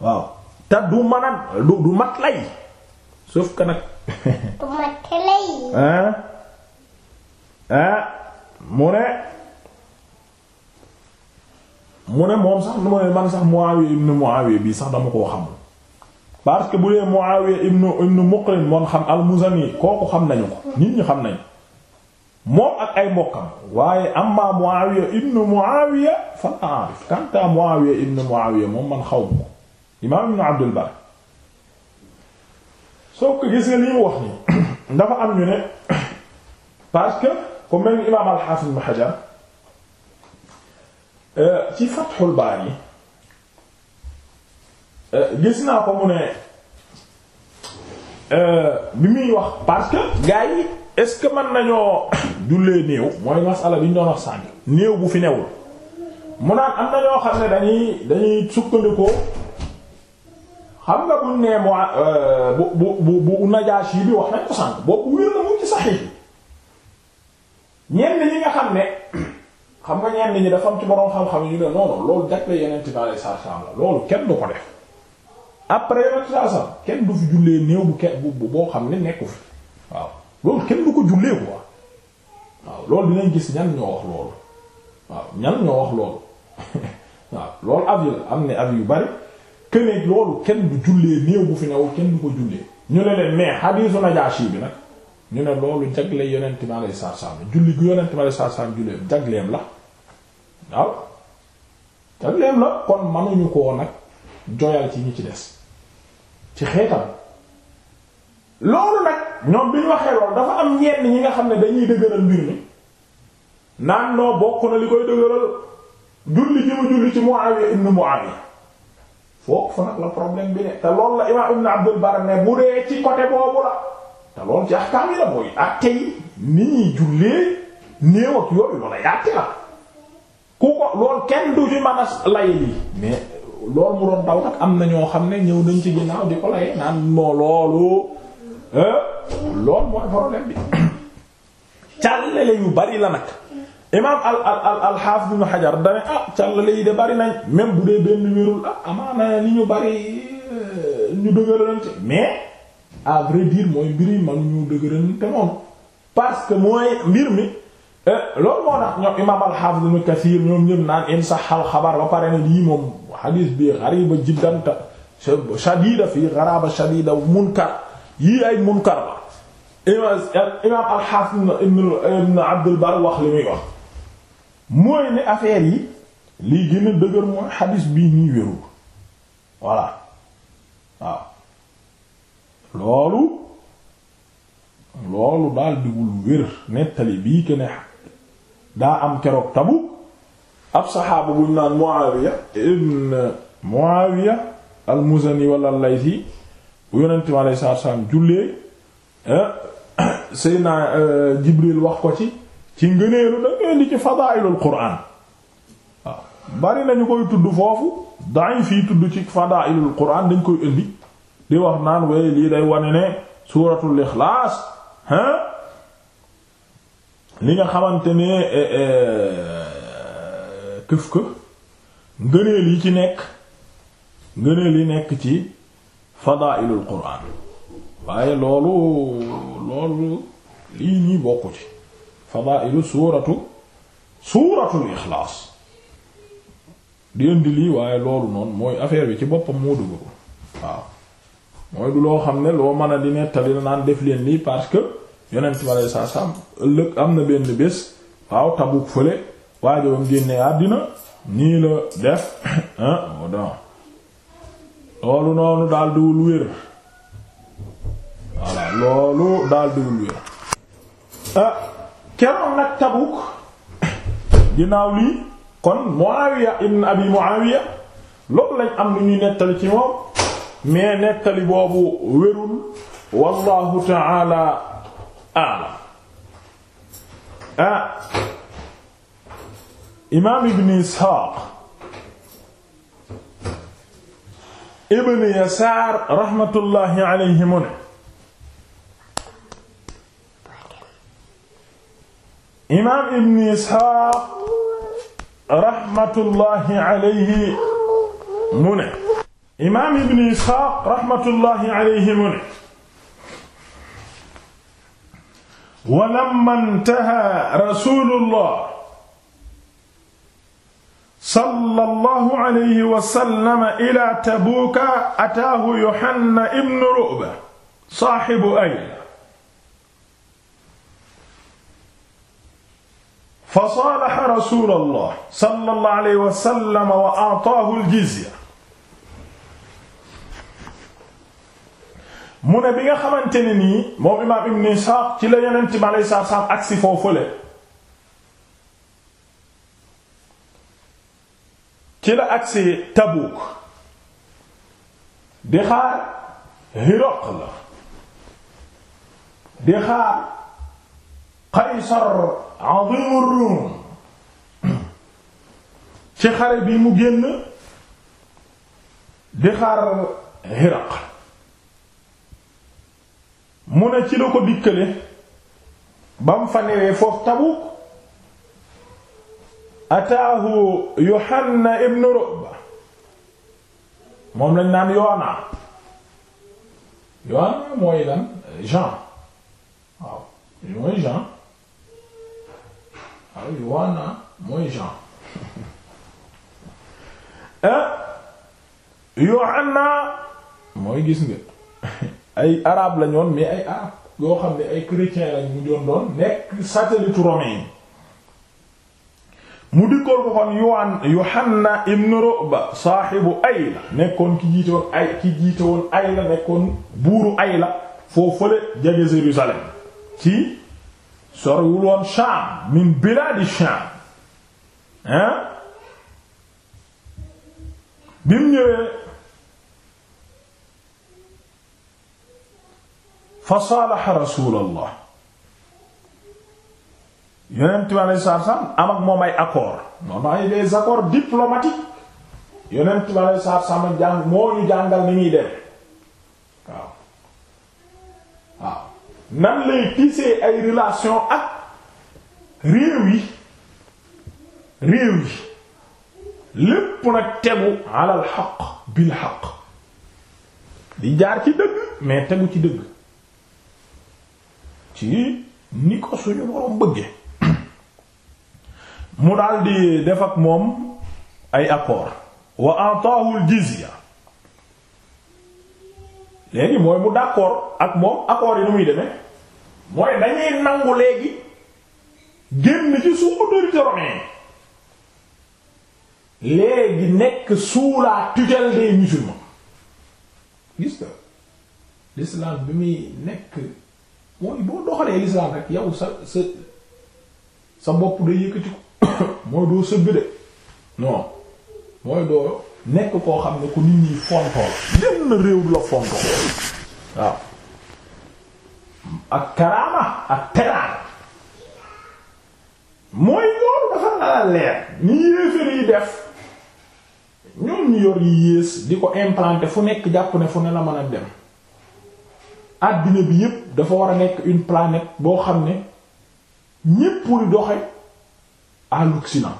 waaw te du mën a du du mat lay sauf que nag. du mat lay. ah ah mu ne mu ne moom sax nu ma man sax Muawiya ibn Muawiya bii sax dama koo xamul parce que bu dee Muawiya ibn ibn Muqrin moom xam al-Muzani kooku xam nañu ko nit ñi xam nañu. moom ak ay mbokkam waaye amma Muawiya ibn Muawiya fa arif kanta Muawiya ibn Muawiya moom man xaw ma imaam ibn Abdul Bar soo ko gis nga dafa am ñu ne parce imaam al-Hafiz ibn Hajar euh, ci Fathul Bari euh, gis naa ko mu ne euh, bi muy wax parce que est-ce que man nañoo jullee néew mooy masala bi ñu doon wax sànni néew bu fi newul mu naan am na ñoo xam ne dañuy dañuy sukkandikoo xam nga buñ nee euh, bu bu bu bu Najaasi bi wax nañ ko sànq boobu wér na ci saxiix ñenn ñi nga xam ne xam nga ñenn ñi dafa am ci borom xam-xam yu ne non non loolu jagle yeneen tibaale sarsam la loolu kenn du ko def après yeneen sarsam kenn du fi jullee néew bu kenn bu boo xam ne nekku fi waaw. loolu kenn bu ko jullee quoi waaw loolu dinañ gis ñan ñoo wax loolu waaw ñan ñoo wax loolu waaw loolu avis la am na avis yu bari que ne loolu kenn du jullee néew bu fi new kenn du ko jullee ñu ne leen mais hadiisu Najaashi bi nag ñu ne loolu jagle yonent bi alayhi salaam julli gu yonent bi alayhi salaam jullee jagleem la waaw jagleem la kon mënuñu koo nag joyal ci ñu ci des ci xeetam loolu nag ñoom bi ñu waxee lool dafa am ñenn ñi nga xam ne dañuy dëgëral mbir mi naan noo bokk na li koy dëgëral julli ji julli ci Muawiya ibn Muawiya foofu nag la problème bi ne te loolu la imaam ibn Abdul Barr ne bu dee ci côté boobu la te loolu ci ahkaam yi la mooy àtte yi nit jullee néew yooyu walla yàtte la ku ko loolu kenn du ci mën a lay lii mais lool mu doon daw nag am na ñoo xam ne ñëw nañ ci ginnaaw di ko laye naan moo loolu loolu mooy problème bi càllale yu bari la nag imaam al al al alxaafis ibnu xajar dane ah càllale yi de bari nañ même bu dee benn wérul ah amaana li ñu bari euh, ñu dëgëralante mais à vrai dire mooy mbir yi man ñu dëgëralante moom parce que mooy mbir mi euh, loolu moo tax ñoom imaam alxaafis ibnu kasiir ñoom ñëpp naan in saxal xabar ba pare ne lii moom xadiis bi xariba jiddanta shadida fi xaraba shadida munkar yii ay munkar la imaam alxaafis ibn abdul bar wax li muy wax mooy ne affaire yi lii gën a dëgër mooy xadis bii nii wérul voilà loolu loolu daal diwul wér nettali bii ke daa am keroog tabu ab saxaaba buñ naan Muawiya ibn Muawiya al-Muzani wala al bu yonent mi alayhi salaatu salaam jullee eh, Seydina eh, Jibril wax ko ci ci ngëneelu da ngay li ci fadaa'ilul Qur'aan bari nañu koy tudd foofu daañu fii tudd ci fadaa'ilul Qur'aan dañ koy indi di wax naan waaye lii day wane ne suuratul Ixlaas hein li nga xamante ne eh, këf ka ngëneel yi ci nekk ngëneel yi nekk ci fadaa'ilul quraan waaye loolu loolu lii nii bokku ci fadaa'ilu suuratu suuratul ixlaas di indi lii waaye loolu noonu mooy affaire bi ci boppam moo dugg ko waaw mooy du loo xam ne loo mën a di nettali na naan def leen lii parce que yonent ma lay saa saam ëllëg am na benn bés waaw Tabuk fële waaye jobam àddina nii la def hein ah, loolu noonu daal diwul wér voilà loolu ah, Tabuk ginnaaw lii kon Muawiya ibn Abi Muawiya loolu lañ am lu ñuy nettali ci moom mais nettali boobu wérul wallahu ta'ala a'lam ah, imaam Ibn Ishaq ibn yasaar raxmatullaahi alayhi mu ne imaam ibn isxaaq raxmatullaahi alayhi mu ne imaam ibn isxaaq raxmatullaahi alayhi mu ne wa lamma intaha rasuulullah sallallahu alayhi wa sallam ila tabuuka ataahu yohanna ibnu ru'ba saaxibu ayla fa saalaxa rasuulallah sallallahu alayhi wa sallam wa a'taahu al-jizya mu ne bi nga xamante ne nii moom imaam Ibn Isxaaq ci la Yonent bi alayhi salaatu wa salaam agsi foofule ci la agsi Tabuk di xaar Hiraql la di xaar Qaysar azim ar ci xare bi mu génn di xaar Hiraql mu ne ci la ko dikkale ba mu fa newee foofu Tabuk ataahu Yohanna ibn Ru'ba moom lañ naan Yohana Yohana mooy lan Jean waaw mooy Jean waaw Yohana eh? mooy gis nga ay arabe lañoon mais ay arabe yoo xam ne ay chrétien lañ mu doon doon nekk satellite romain mu dikkoon ko kon yuwaan Yuhanna ibn Ru'ba saaxibu Ayla nekkoon ki jiite woon ay ki jiite Ayla nekkoon buuru Ayla foofu fële jege Jérusalem ci soriwul woon Shaam min bilaadi Shaam hein bi mu ñëwee fa saalaha Rasuulullah yonent bi am ak moom ay accord moom ay des accords diplomatiques yonent moo ñu jàngal ni ñuy dem waaw waaw nan lay tisser ay relation ak réew yi réew yi lépp nag tegu alal xaq bil xaq di jaar ci dëgg mais tegu ci dëgg ci ni ko suñu borom bëgge mu daldi def ak moom ay accord wa ataahu al jizya léegi mooy mu d'accord ak moom accord yi nu muy demee mooy dañuy nangu léegi génn ci sous autorité romaine léegi nekk sous la tutelle des gis nga l'islam bi muy nekk mooy boo doxalee l'islam rek yow sa sa sa bopp day yëkkati ko mooy doo sëgg de non mooy doo nekk koo xam ne ku nit ñi fontoo la benn réew du la fontoo waaw ak karaama ak teraanga mooy loolu dafa na la leer yi def ñoom ñu yor yi yées di ko implanter fu nekk jàpp ne fu ne la mën a dem àddina bi yépp dafa war a nekk une planète boo xam ne ñépp lu doxe à l'occident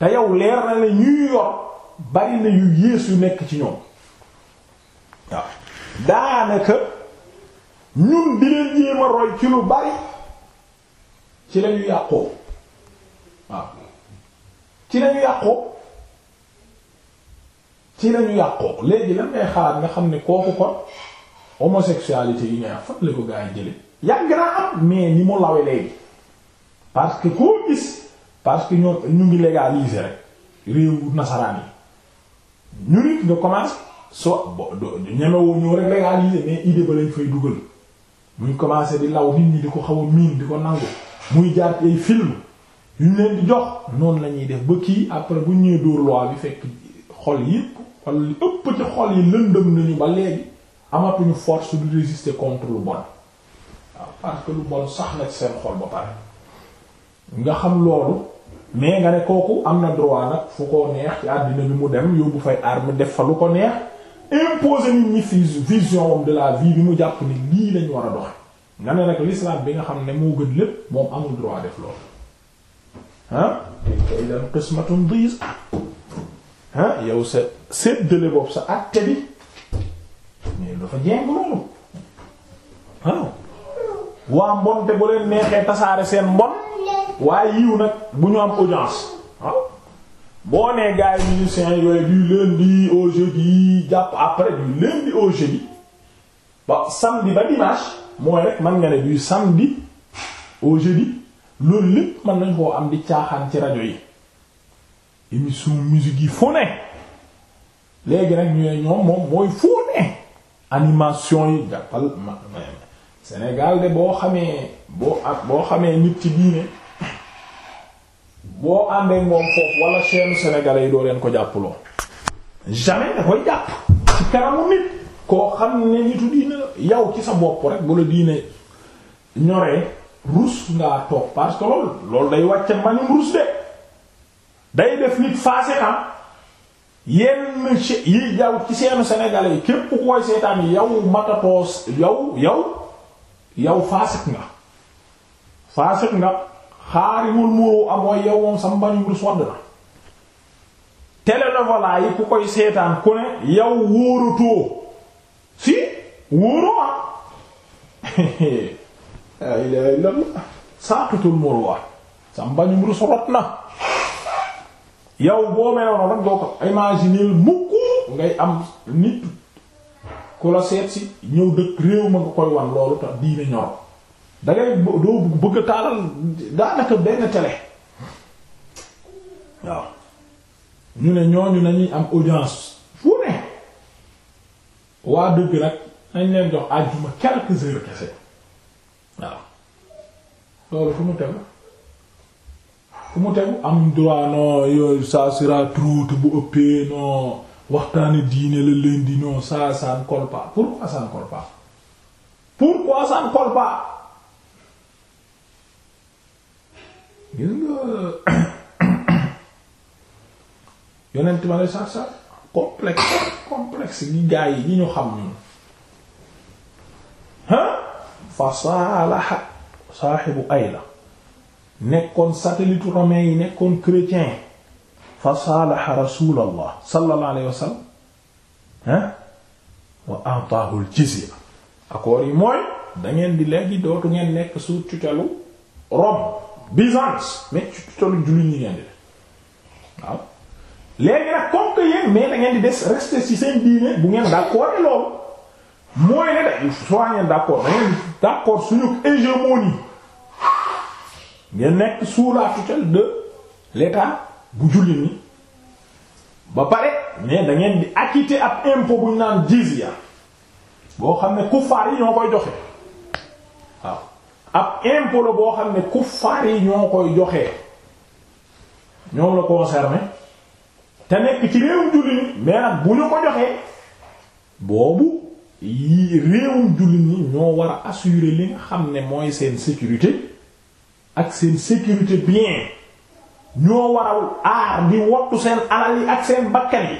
te yow leer na ne ñuy yor bari na yu yées yu nekk ci ñoom waaw daanaka ñun di leen jéem a roy ci lu bari ci lañu yàqoo waaw ci lañu yàqoo ci lañu yàqoo léegi lan ngay xalaat nga xam ne kooku kon homosexualité yi ngay fan la ko gaa yi jële yàgg naa am mais ni mu lawe léegi parce que koo gis parce que ñoo ñu ngi légaliser rek réewu nasaraan yi ñu nit nga commence so bo ñemewoo ñëw rek légaliser mais idée ba lañ fay dugal muñ commencé di law nit ñi di ko xaw a miin di ko nangu muy jaar ay film yu ñu leen di jox noonu la ñuy def ba kii après bu ñëwee dóor loi bi fekk xol yi wala li ëpp ci xol yi lëndëm nañu ba léegi amatuñu force du résister contre lu bon waaw parce que lu bon sax na seen xol ba pare nga xam loolu mais nga ne kooku am na droit nag fu ko neex ci àddina bi mu dem yóbbu fay arme def fa lu ko neex imposer nit ñi vision de la vie bi mu jàpp ni lii lañ war a doxe nga ne rek l'islam bi nga xam ne moo gën lépp moom amul droit def loolu ah tilka idan qismatun diis ah yow sa séddale boobu sa àtte bi mais dafa jeng loolu waa mbon te bu leen neexee tasaare seen mbon waaye yiw nag bu ñu am audience waaw boo nee gars yi musiciens yooyu du lundi au jeudi jàpp après du lundi au jeudi ba samedi ba dimanche mooy rek man nga ne du samedi au jeudi loolu lépp mën nañ koo am di caaxaan ci rajo yi émission musique yi fu ne léegi nag ñu ne ñoom moom mooy fu ne animation yi jàppal ma. Sénégal de boo xamee boo ak boo xamee nit ci diine boo àndee moom foofu wala seenu sénégalais yi doo leen ko jàppaloo jamais da jàpp ci kanamu nit koo xam ne nitu yow ci sa bopp rek bu la diine ñoree rus ngaa toog parce que loolu day wàcce manum rus de day def nit faase na yenn yi jaw ci seenu sénégalais yi képp koy seetaan yow matatoo yow yow yow faasik nga faasik nga xaarimul muru am mooy yow moom sam mbañum du sodd na télénovela yi ku koy seetaan ku ne yow wóoratoo si wóoroo ma ah. ay lay la saatutul muru wa ah. sam mbañum du sorot na yow boo meloon rek doo ko imaginer mukk ngay am nit ku la seet si ñëw dëkk réew ma nga koy wan loolu tax diine ñor da ngay doo bëgg a taalal daanaka benn télé waaw ñu ne ñooñu nañuy am audience fu ne waa dëgg nag nañ leen jox àjjuma quelques heures kese waaw loolu fu mu tegu fu mu tegu am droit non yooyu ça sera trop bu ëppee non. waxtaane diine la leen di non ça ça ne colle pas pourquoi ça ne colle pas pourquoi gis nga yonent ma lay sax sax complexe complexe gi gaa yi ñu xam ñun ah fa saalahat saaxibu ayla nekkoon satellite romain yi nekkoon chrétien fa saalaxa rasuulallah sallallahu alayhi wa sallam ah wa ataahu al jizya yi mooy da ngeen di léegi dootu ngeen nekk sous tutelle Rome Byzance mais ci tutelle jullit ngeen di def waaw léegi da ngeen di des ci seen diine bu ngeen d'accord loolu mooy ne da soo ngeen d'accord da ngeen suñu hégémonie ngeen nekk sous la de l'État bu julli ni ba pare mais da ngeen di acquitter ab impôt bu ñu naan jizya boo xam ne kuffaar yi ñoo koy joxe waaw ab impôt la boo xam ne kuffaar yi ñoo koy joxe ñoom la concerné te nekk ci réewum julli ni mais nag bu ñu ko joxee boobu yii julli ni ñoo war a assurer li nga xam ne mooy seen sécurité ak seen sécurité bien ñoo waral aar di wattu seen alal yi ak seen bakkan yi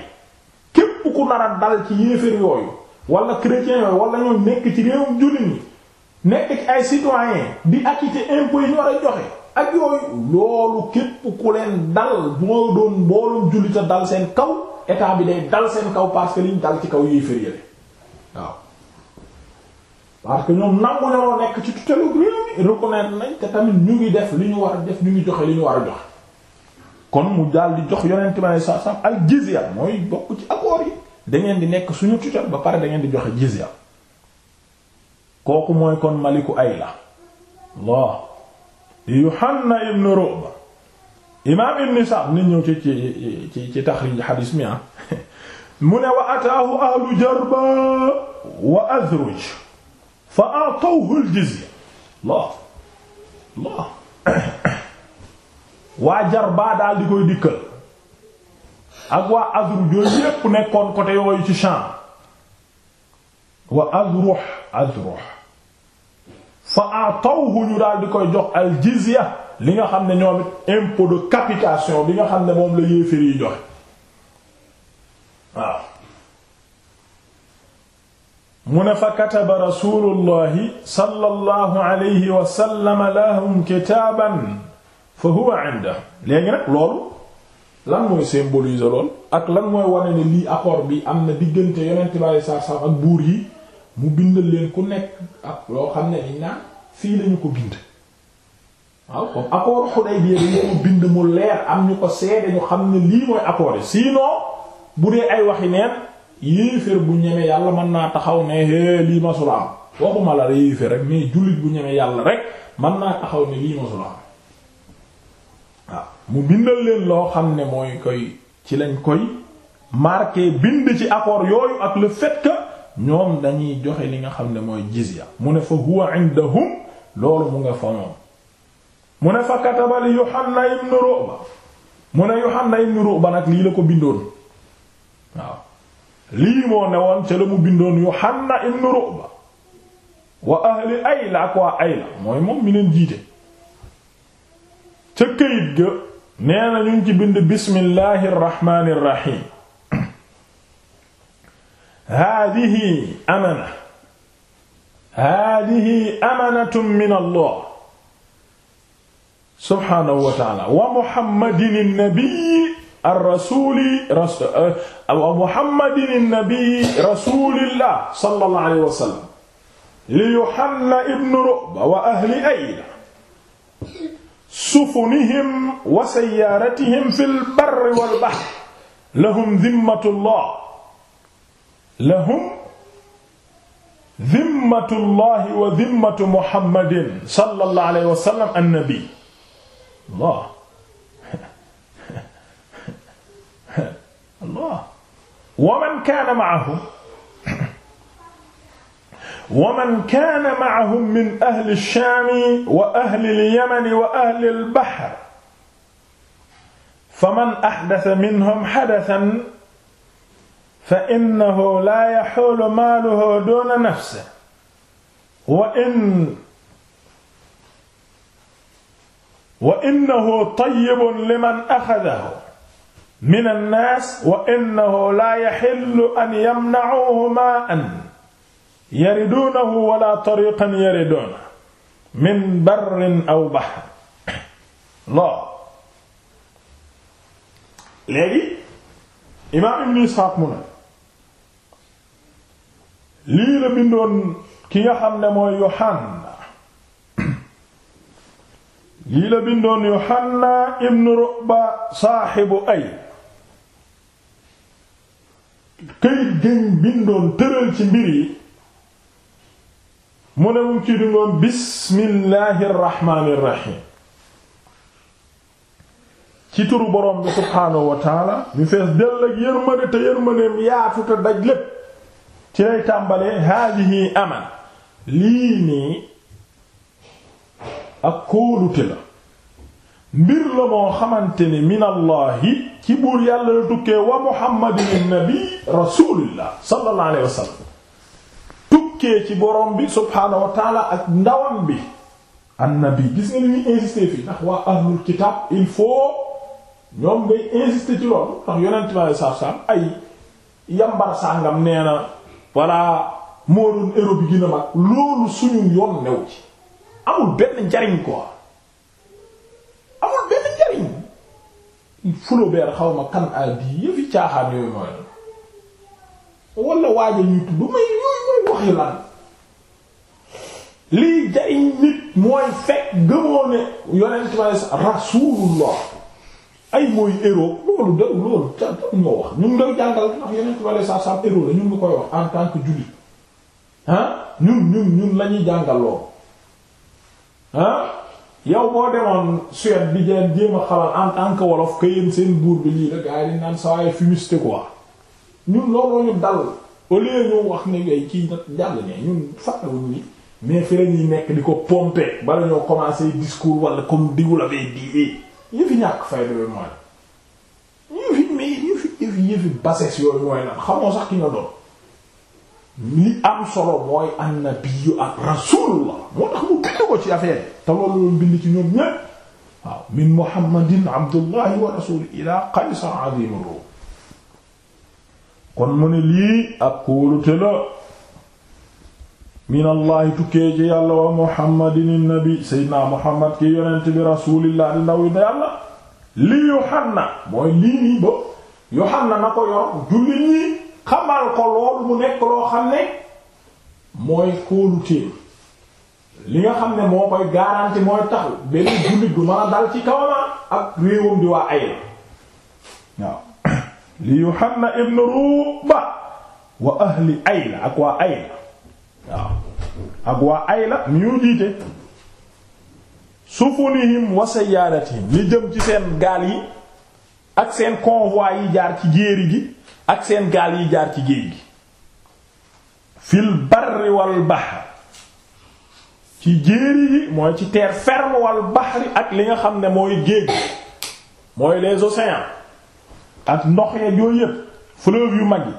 képp ku nar dal ci yéeféer yooyu wala chrétien yooyu wala ñoo nekk ci réewum jullit ñi nekk ci ay citoyen di acquitter impôt yi ñu war a joxe ak yooyu loolu képp ku leen dal moo doon mboolum jullit a dal seen kaw état bi day dal seen kaw parce que liñ dal ci kaw yéeféer yële waaw parce que ñoom nangu ñoo nekk ci tutelle réew mi reconnaître nañ te tamit ñu ngi def li ñu war a def ñu ngi joxe li ñu war a kon mu daal di jox yonent ma ne saa saa al jizya mooy bokk ci accords yi da di nekk suñu tutelle ba pare dangeen ngeen di joxe jizya kooku mooy kon maliku Ayla Allah Yuhanna ibn Ru'ba imaam ibn Sa'd ni ñëw ci ci ci ci taxrij xadiis mi ah. mu ne wa ataahu ahlu Jarba wa Azruj fa a'tawhu al jizya Allah Allah waa Jarbaa daal di koy dikkal ak waa Azruj yooyu yépp nekkoon côté yooyu ci Sham wa Azruh Azruh fa atawhu ñu daal di koy jox al jizya li nga xam ne ñoom it impôt de capitation bi nga xam ne moom la yéefér yi joxe waaw mu ne fa kataba rasulullahi sallallahu alayhi wa sallam lahum kitaaban fa huwa inda lan mooy symboliser lool ak lan mooy wane ne lii accord bi am na diggante yonent ak buur yi mu bindal leen ku nekk loo xam ne fii lañu ko bind waaw comme am ñu ko seede xam ne lii mooy bu dee ay waxi neen yéeféer bu ñeme yàlla mën naa taxaw ne é lii masula am waxuma la yéeféer rek mais jullit bu ñeme yàlla rek mën naa taxaw ne lii masula mu bindal leen loo xam ne mooy koy ci lañ koy marqué bind ci accord yooyu ak le fait ñoom dañuy joxe li nga xam ne mooy jizya mu ne fa huwa indahum loolu mu nga fa moom mu ne fa kataba li Yuhanna ibn Ru'ba mu ne Yuhanna ibn Ru'ba nag lii la ko bindoon waaw lii moo ne la ak waa Ayla mooy moom mi leen jiite ca këyit ga nee na ñu ngi ci bind bismillahi irrahmani irrahim haadihi amana haadihi amanatun min allah subhaanahu wa taala wa muhammadin nabiyi arrasuli eh, wa muhammadin nabiyi rasulillah sallallahu alayhi wa sallam li yuhanna ibnu ruba wa ahli ayla sufunihim wa sayaaratihim fil barri wal bahri lahum dhimmatullah lahum dhimmatullah wa dhimmatu muhammadin sallallahu alayhi wa sallam annabi Allah Allah wa man kaana ma'ahu wa man kaana ma'ahum min ahli shaami wa ahli al-yamani wa ahli al-bahri faman ahdasa minhum hadasan fa innahu laa yaxuulu maaluhu duuna nafsihi wa in wa innahu tayyibun liman axadahu mina nnaas wa innahu laa yaxillu an yamna'uhu maa'an yariduunahu wala tariqan yariduuna min barrin aw bahr loo léegi imaam ibn Isxaaq mu ne lii la bindoon ki nga xam ne mooy Yohanna lii la bindoon Yohanna ibn Ru'ba saaxibu ay këyit gën bindoon tëral ci mbir yi mu ne mu ci dundoon bismillahi irrahmani irrahim ci turu borom bi subhaanahu wa taala fees dell ak te yërmandeem yaatu daj lépp ci lay tàmbalee haadihi aman lii nii ak kóolute la mbir la xamante ni min allahi ci buur yàlla la tukkee wa muhammadin nabi rasulillah sallallahu alayhi wa sallam tukkee ci borom bi subhaanahu wa bi annabi gis nga li ñuy insister amul benn njariñ quoi amul benn njariñ Flaubert xaw ma kan a di yëfi caaxaan yooyu mooy wala waaja ñuy tudd may waxi lan lii jariñ nit mooy fekk gëmoo ne yonent ma rasulullah ay mooy héros loolu da loolu ca ma wax ñun ngay jàngal ndax yonent ma yow boo demoon Suède bi jéem jéem a xamal en tant que wolof que seen buur bi lii la gars naan saa fumiste quoi ñun looloo ñu dal. au lieu ñu wax ne yooyu kii nag jàll ne ñun fàttawuñ ni mais fi la nekk di ko pomper bala ñoo commencé discours wala comme diw la bay di ñu eh, fi ñàkk fayda yooyu mooy ñu fi mais ñu fi yëfi yëfi bases yooyu mooy lan xamoo sax ki nga doon li am solo mooy annabiyu ak rasulullah moo tax mu bind ko ci affaire te loolu loolu bind ci ñoom ñépp min muhammadin abdullahi wa rasuli ila qaysar azim rom kon mu ne lii ab kóolute la minallaahi tukkee ci yàlla wa muhammadin nabi seydinaa muhammad ki yonent bi rasuulillah di ndaw yàlla lii yohanna mooy lii nii ba yohanna na ko yor jullit ñi xamal ko lool mu nekk loo xam ne mooy kóolutee li nga xam ne moo koy garanti mooy tax benn jullit du mën dal ci kawama ak réewam di waa ay la waaw li Yuhanna ibn Ruba wa ahli Ayla ak waa Ayla waaw ak waa Ayla ñu jiite sufunihim wa sayyaratihim li jëm ci seen gaal yi ak seen convoi yi jaar ci jéeri gi ak seen gaal yi jaar ci géej gi fil barri wal ci jéeri yi mooy ci terre ferme wal bahri ak li nga xam ne mooy géej mooy les océans ak ndox ya yooyu yépp yu mag yi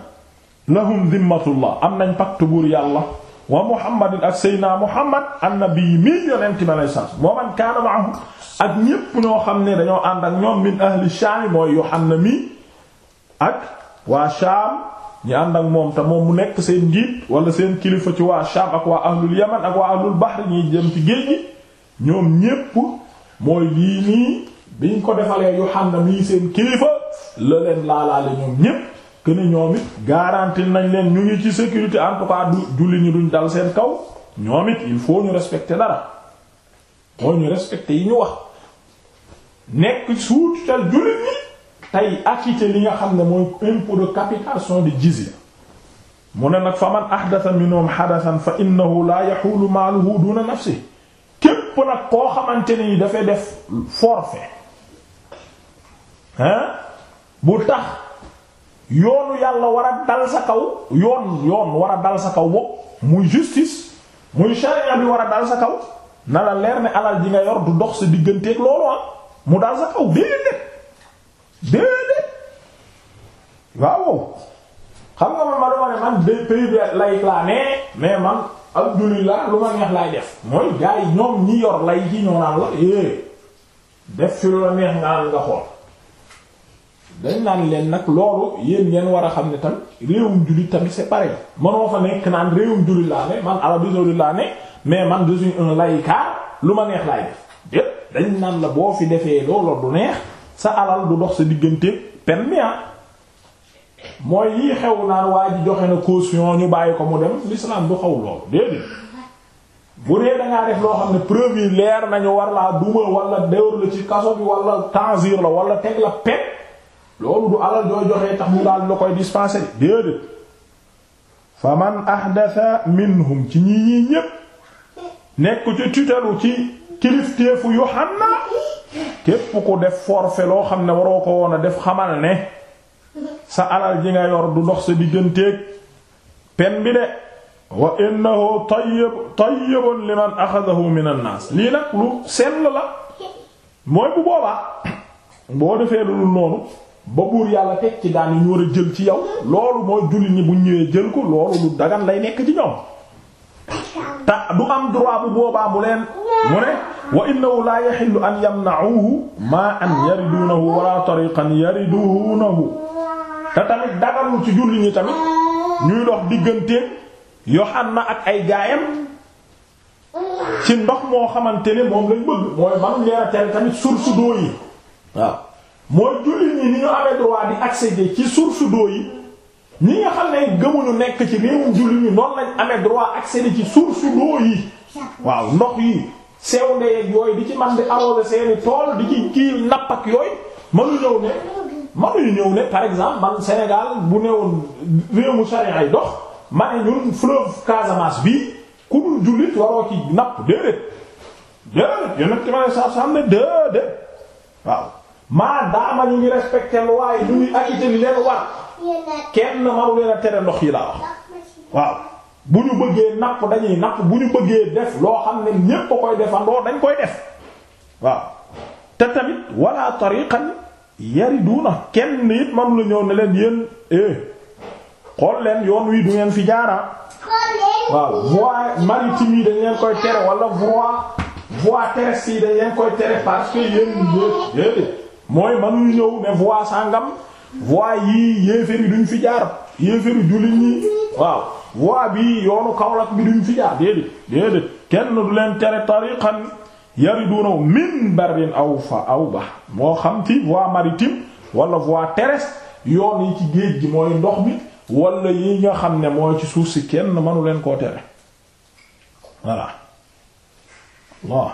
lahum zimmatullah am nañ pacte buur yàlla wa muhammadin ak seydna muhammad annabi mii yonenti ma lay ak ñépp ñoo xam ni dañoo ànd ak ñoom min ahli shaami mooy yohanna mii ak waa shaam ñu ànd ak moom te mu nekk seen njiit wala seen kilifa ci waa shaam ak waa ahlul yaman ak waa ahlul bahr ñuy jëm ci géej gi ñoom ñépp mooy lii nii biñ ko defalee yohanna mii seen kilifa la leen laalaale ñoom ñépp que ne ñoom it garanti nañ leen ñu ngi ci sécurité en tout cas du duñ dal seen kaw ñoom it il faut ñu respecter dara moo ñu respecter yi ñu wax nekk sous tutelle jullit ñi tey acquitté li nga xam ne mooy impôt de son di jizya mu ne nag fa man ahdatha minhum hadathan fa innahu la yahulu maaluhu duna nafsi képp nag koo xamante ni dafay def forfait hein bu tax yoonu yàlla war a dal sa kaw yoon yoon war a dal sa kaw bopp muy justice muy charia bi war a dal sa kaw na la leer ne alal ji nga yor du dox sa digganteeg loolu am ah, mu dal sa kaw déedéet déedéet waaw xam nga man ma dama ne man de pays laa lu ma neex laay def mooy gars yi ñoom ñi yor lay ci ñoo naan la eh, def fi la neex nga nga xool dañ naan leen nag loolu yéen ngeen war a xam ne tamit réewum jullit tamit c'est pareil manoo fa nekk naan réewum jullit laa ne man Arabie saoudite laa ne mais man je suis un laïcard lu ma neex laay def dañ naan la boo fi defee loolu du neex sa alal du dox sa diggante pen mi ah. mooy yii xew naan waa ji joxe na caution ñu bàyyi ko mu dem l'islam du xaw loolu déedéet bu dee dangaa def loo xam ne preuve leer nañu war laa duma wala dewr la ci kaso bi wala tanzir wala teg la loolu du alal jooy joxee tax mu daal la koy dispenser déedéet fa man ahdatha minhum ci ñii ñii ñépp nekk ci tutelu ci kilifteefu Yohanna képp ku def forfait loo xam ne waroo ko woon a def xamal ne sa alal ji nga yor du dox sa digganteeg pen bi de wa innahu tayyib tayyibun liman axadahu min an-nas lii nag lu sell la mooy bu boobaa boo defee lu noonu ba buur yàlla teg ci daan ñu war a jël ci yow loolu mooy jullit ñi bu ñëwee jël ko loolu lu dagan lay nekk ci ñoom te du am droit bu boobaa mu leen mu ne wa innahu la yaxillu an yamna'uhu ma an yariduunahu wala tariqan yariduunahu te tamit daganul ci jullit ñi tamit ñuy dox digganteeg yoxan ak ay gaayam ci ndox moo xamante ne moom lañ bëgg mooy man leera tamit source yi mooy jullit ñi ni ñu amee droit di accéder ci source yi ñi nga xam ne gëmuñu nekk ci réewum jullit ñi noonu nañ amee droit accéder ci source d'eau yi waaw ndox yi sew ndeyeg yooyu di ci man di arroser seeni tool di ci kii napp ak yooyu mënu ñëw ne mënuñu ñëw ne par exemple man Sénégal bu newoon mu charia ay dox ma ne ñun fleuve Casamance bii ku dul jullit waroo ci napp déedéet déedéet yonent ma ne sa sam ne déedéet waaw maa daama ñu respecte respecté loi yi ñu ngi acquitté li war kenn maru leen a tere ndox yi laa wax waaw bu ñu bëggee napp dañuy napp bu ñu bëggee def loo xam ne ñépp a koy defandoo dañ koy def waaw te tamit wala tariqan yariduna kenn nit manu la ñëw ne leen yéen eh, xool leen yoon wi du ngeen fi jaara waaw voie maritime yi dañ leen koy tere wala voie voie terrestre yi leen koy tere parce que yéen yéen mooy mënuñu ñëw ne voie sangam voie yii yéeféri duñ fi jaar yéeféri jullit ñi waaw voie bii yoonu Kaolack bi duñ fi jaar déedéet déedéet kenn du leen tere tariqan yariduna min barrin aw fa aw ba moo xam ci voie maritime wala voie teres yoon yi ci géej gi mooy ndox mi wala yi nga xam ne moo ci suuf si kenn mënu leen koo tere voilà waaw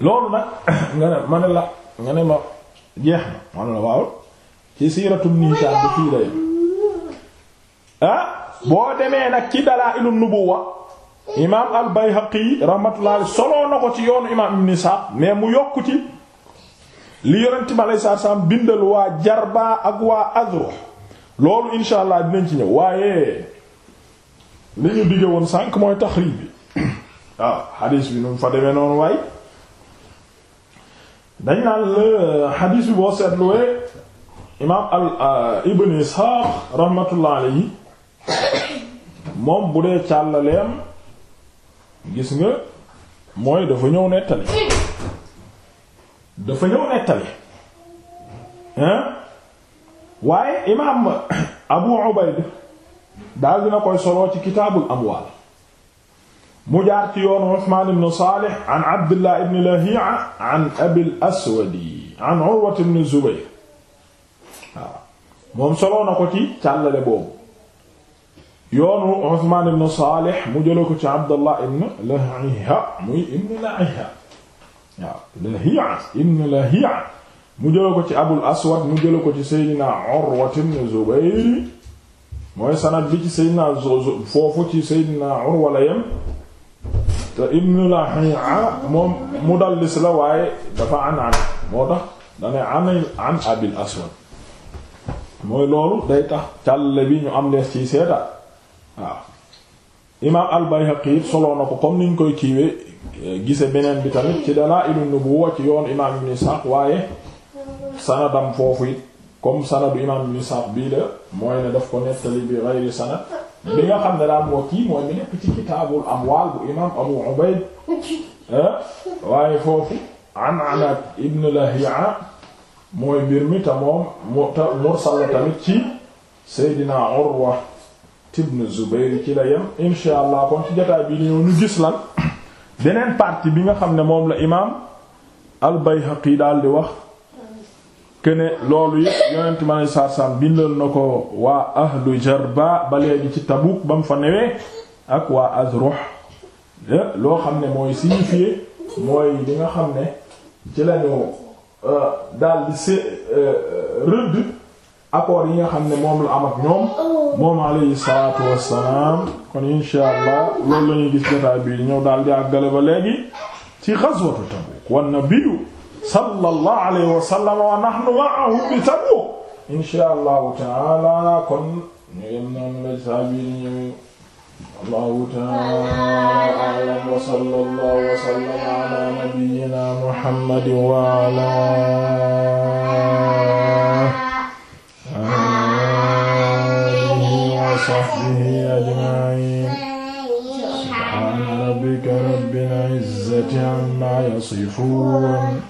loolu nag nga la nga ne ma jeex na ma ne waaw ci siiratu Ibn Hishaam bi fii la ah boo demee nag ci Dalaa'ilun Nubuwwa imaam al-Bayhaqi rahmatullahi soloo na ko ci yoonu imaam Ibn Hishaam mais mu yokku ci li yonent bi alayhi salaam bindal waa Jarba ak waa Azruh loolu insha dinañ ci ñëw waaye li ñu digge woon sànq mooy taxriij bi waaw ah, xadiis bi nu mu fa demee noonu waaye. dañ naan la xadiis euh, bi boo seetluwee imaam al euh, ibn Isxaaq rahmatullah alayhi moom bu dee càllaleem gis nga mooy dafa ñëw nettali dafa ñëw nettali hein waaye imaam Abu Ubayd daal dina koy soloo ci kitaabul amwaal mu jaar ci yoon Usmaan ibn Saalih an Abdullah ibn Lahi'a an Abil Aswadi an Urwa ibn Zubayr waaw moom soloo na ko ci càllale boobu yoonu Usmaan ibn Saalih mu jëla ko ci Abdullah ibn Lahi'a muy ibn Lahi'a waaw Lahi'a ibn Lahi'a mu jëla ko ci Abul Aswad mu jëla ko ci Seydina Urwa ibn Zubayr mooy sanad bi ci Seydina foofu ci Seydina Urwa la yem te ibnu Lahi'a moom mudallis la waaye dafa an an moo tax dane an an abil aswad mooy loolu day tax càll bi ñu am lees ciy seeta waaw imaam al-Bayhaqi it soloo na ko comme niñ koy kiiwe gise beneen bi tamit ci Dalaa'ilun bu ci yoon imaam ibn Ishaq waaye sanadam foofu it comme sanadu imaam ibn Ishaq bii la mooy ne daf ko nettali bi ghayri sanad bi nga xam ne daal moo kii mooy bi nekk ci kitaabul amwaal bu imaam Abu Ubayd ah, waaye foofu an Anad ibn Lahiya mooy mbir mi te moom mursal la tamit ci Seydina Urwa ibn Zubayr ci la yem insha kon ci jotaay bi ñëw ñu gis lan beneen partie bi nga xam ne moom la imaam al-Bayhaqi daal di wax këne loolu yëpp yonent ma ne sarsam na ko waa ahlu jarba ba léegi ci Tabuk ba mu fa newee ak waa azruh loo xam ne mooy signifier mooy li nga xam ne ci lañu euh, daal di se euh, rëdd accord yi nga xam ne moom la am ak ñoom moom alayhi salaatu wassalaam kon insha allah loolu gis jotaay bii ñëw daal di àggale ba léegi ci ghazwatu Tabuk wan nabiyyu sallallahu alayhi wa sallam wa nahnu ma'ahu bi Tabuk insha allahu taala kon ñu yem noonu la saabi ñëw allahu taala a'lam wa sallallahu wa sallam ala nabiyyina Muhammad wa ala alihi wa sahbihi ajma'in subhana rabbika rabbil izzati amma yasifun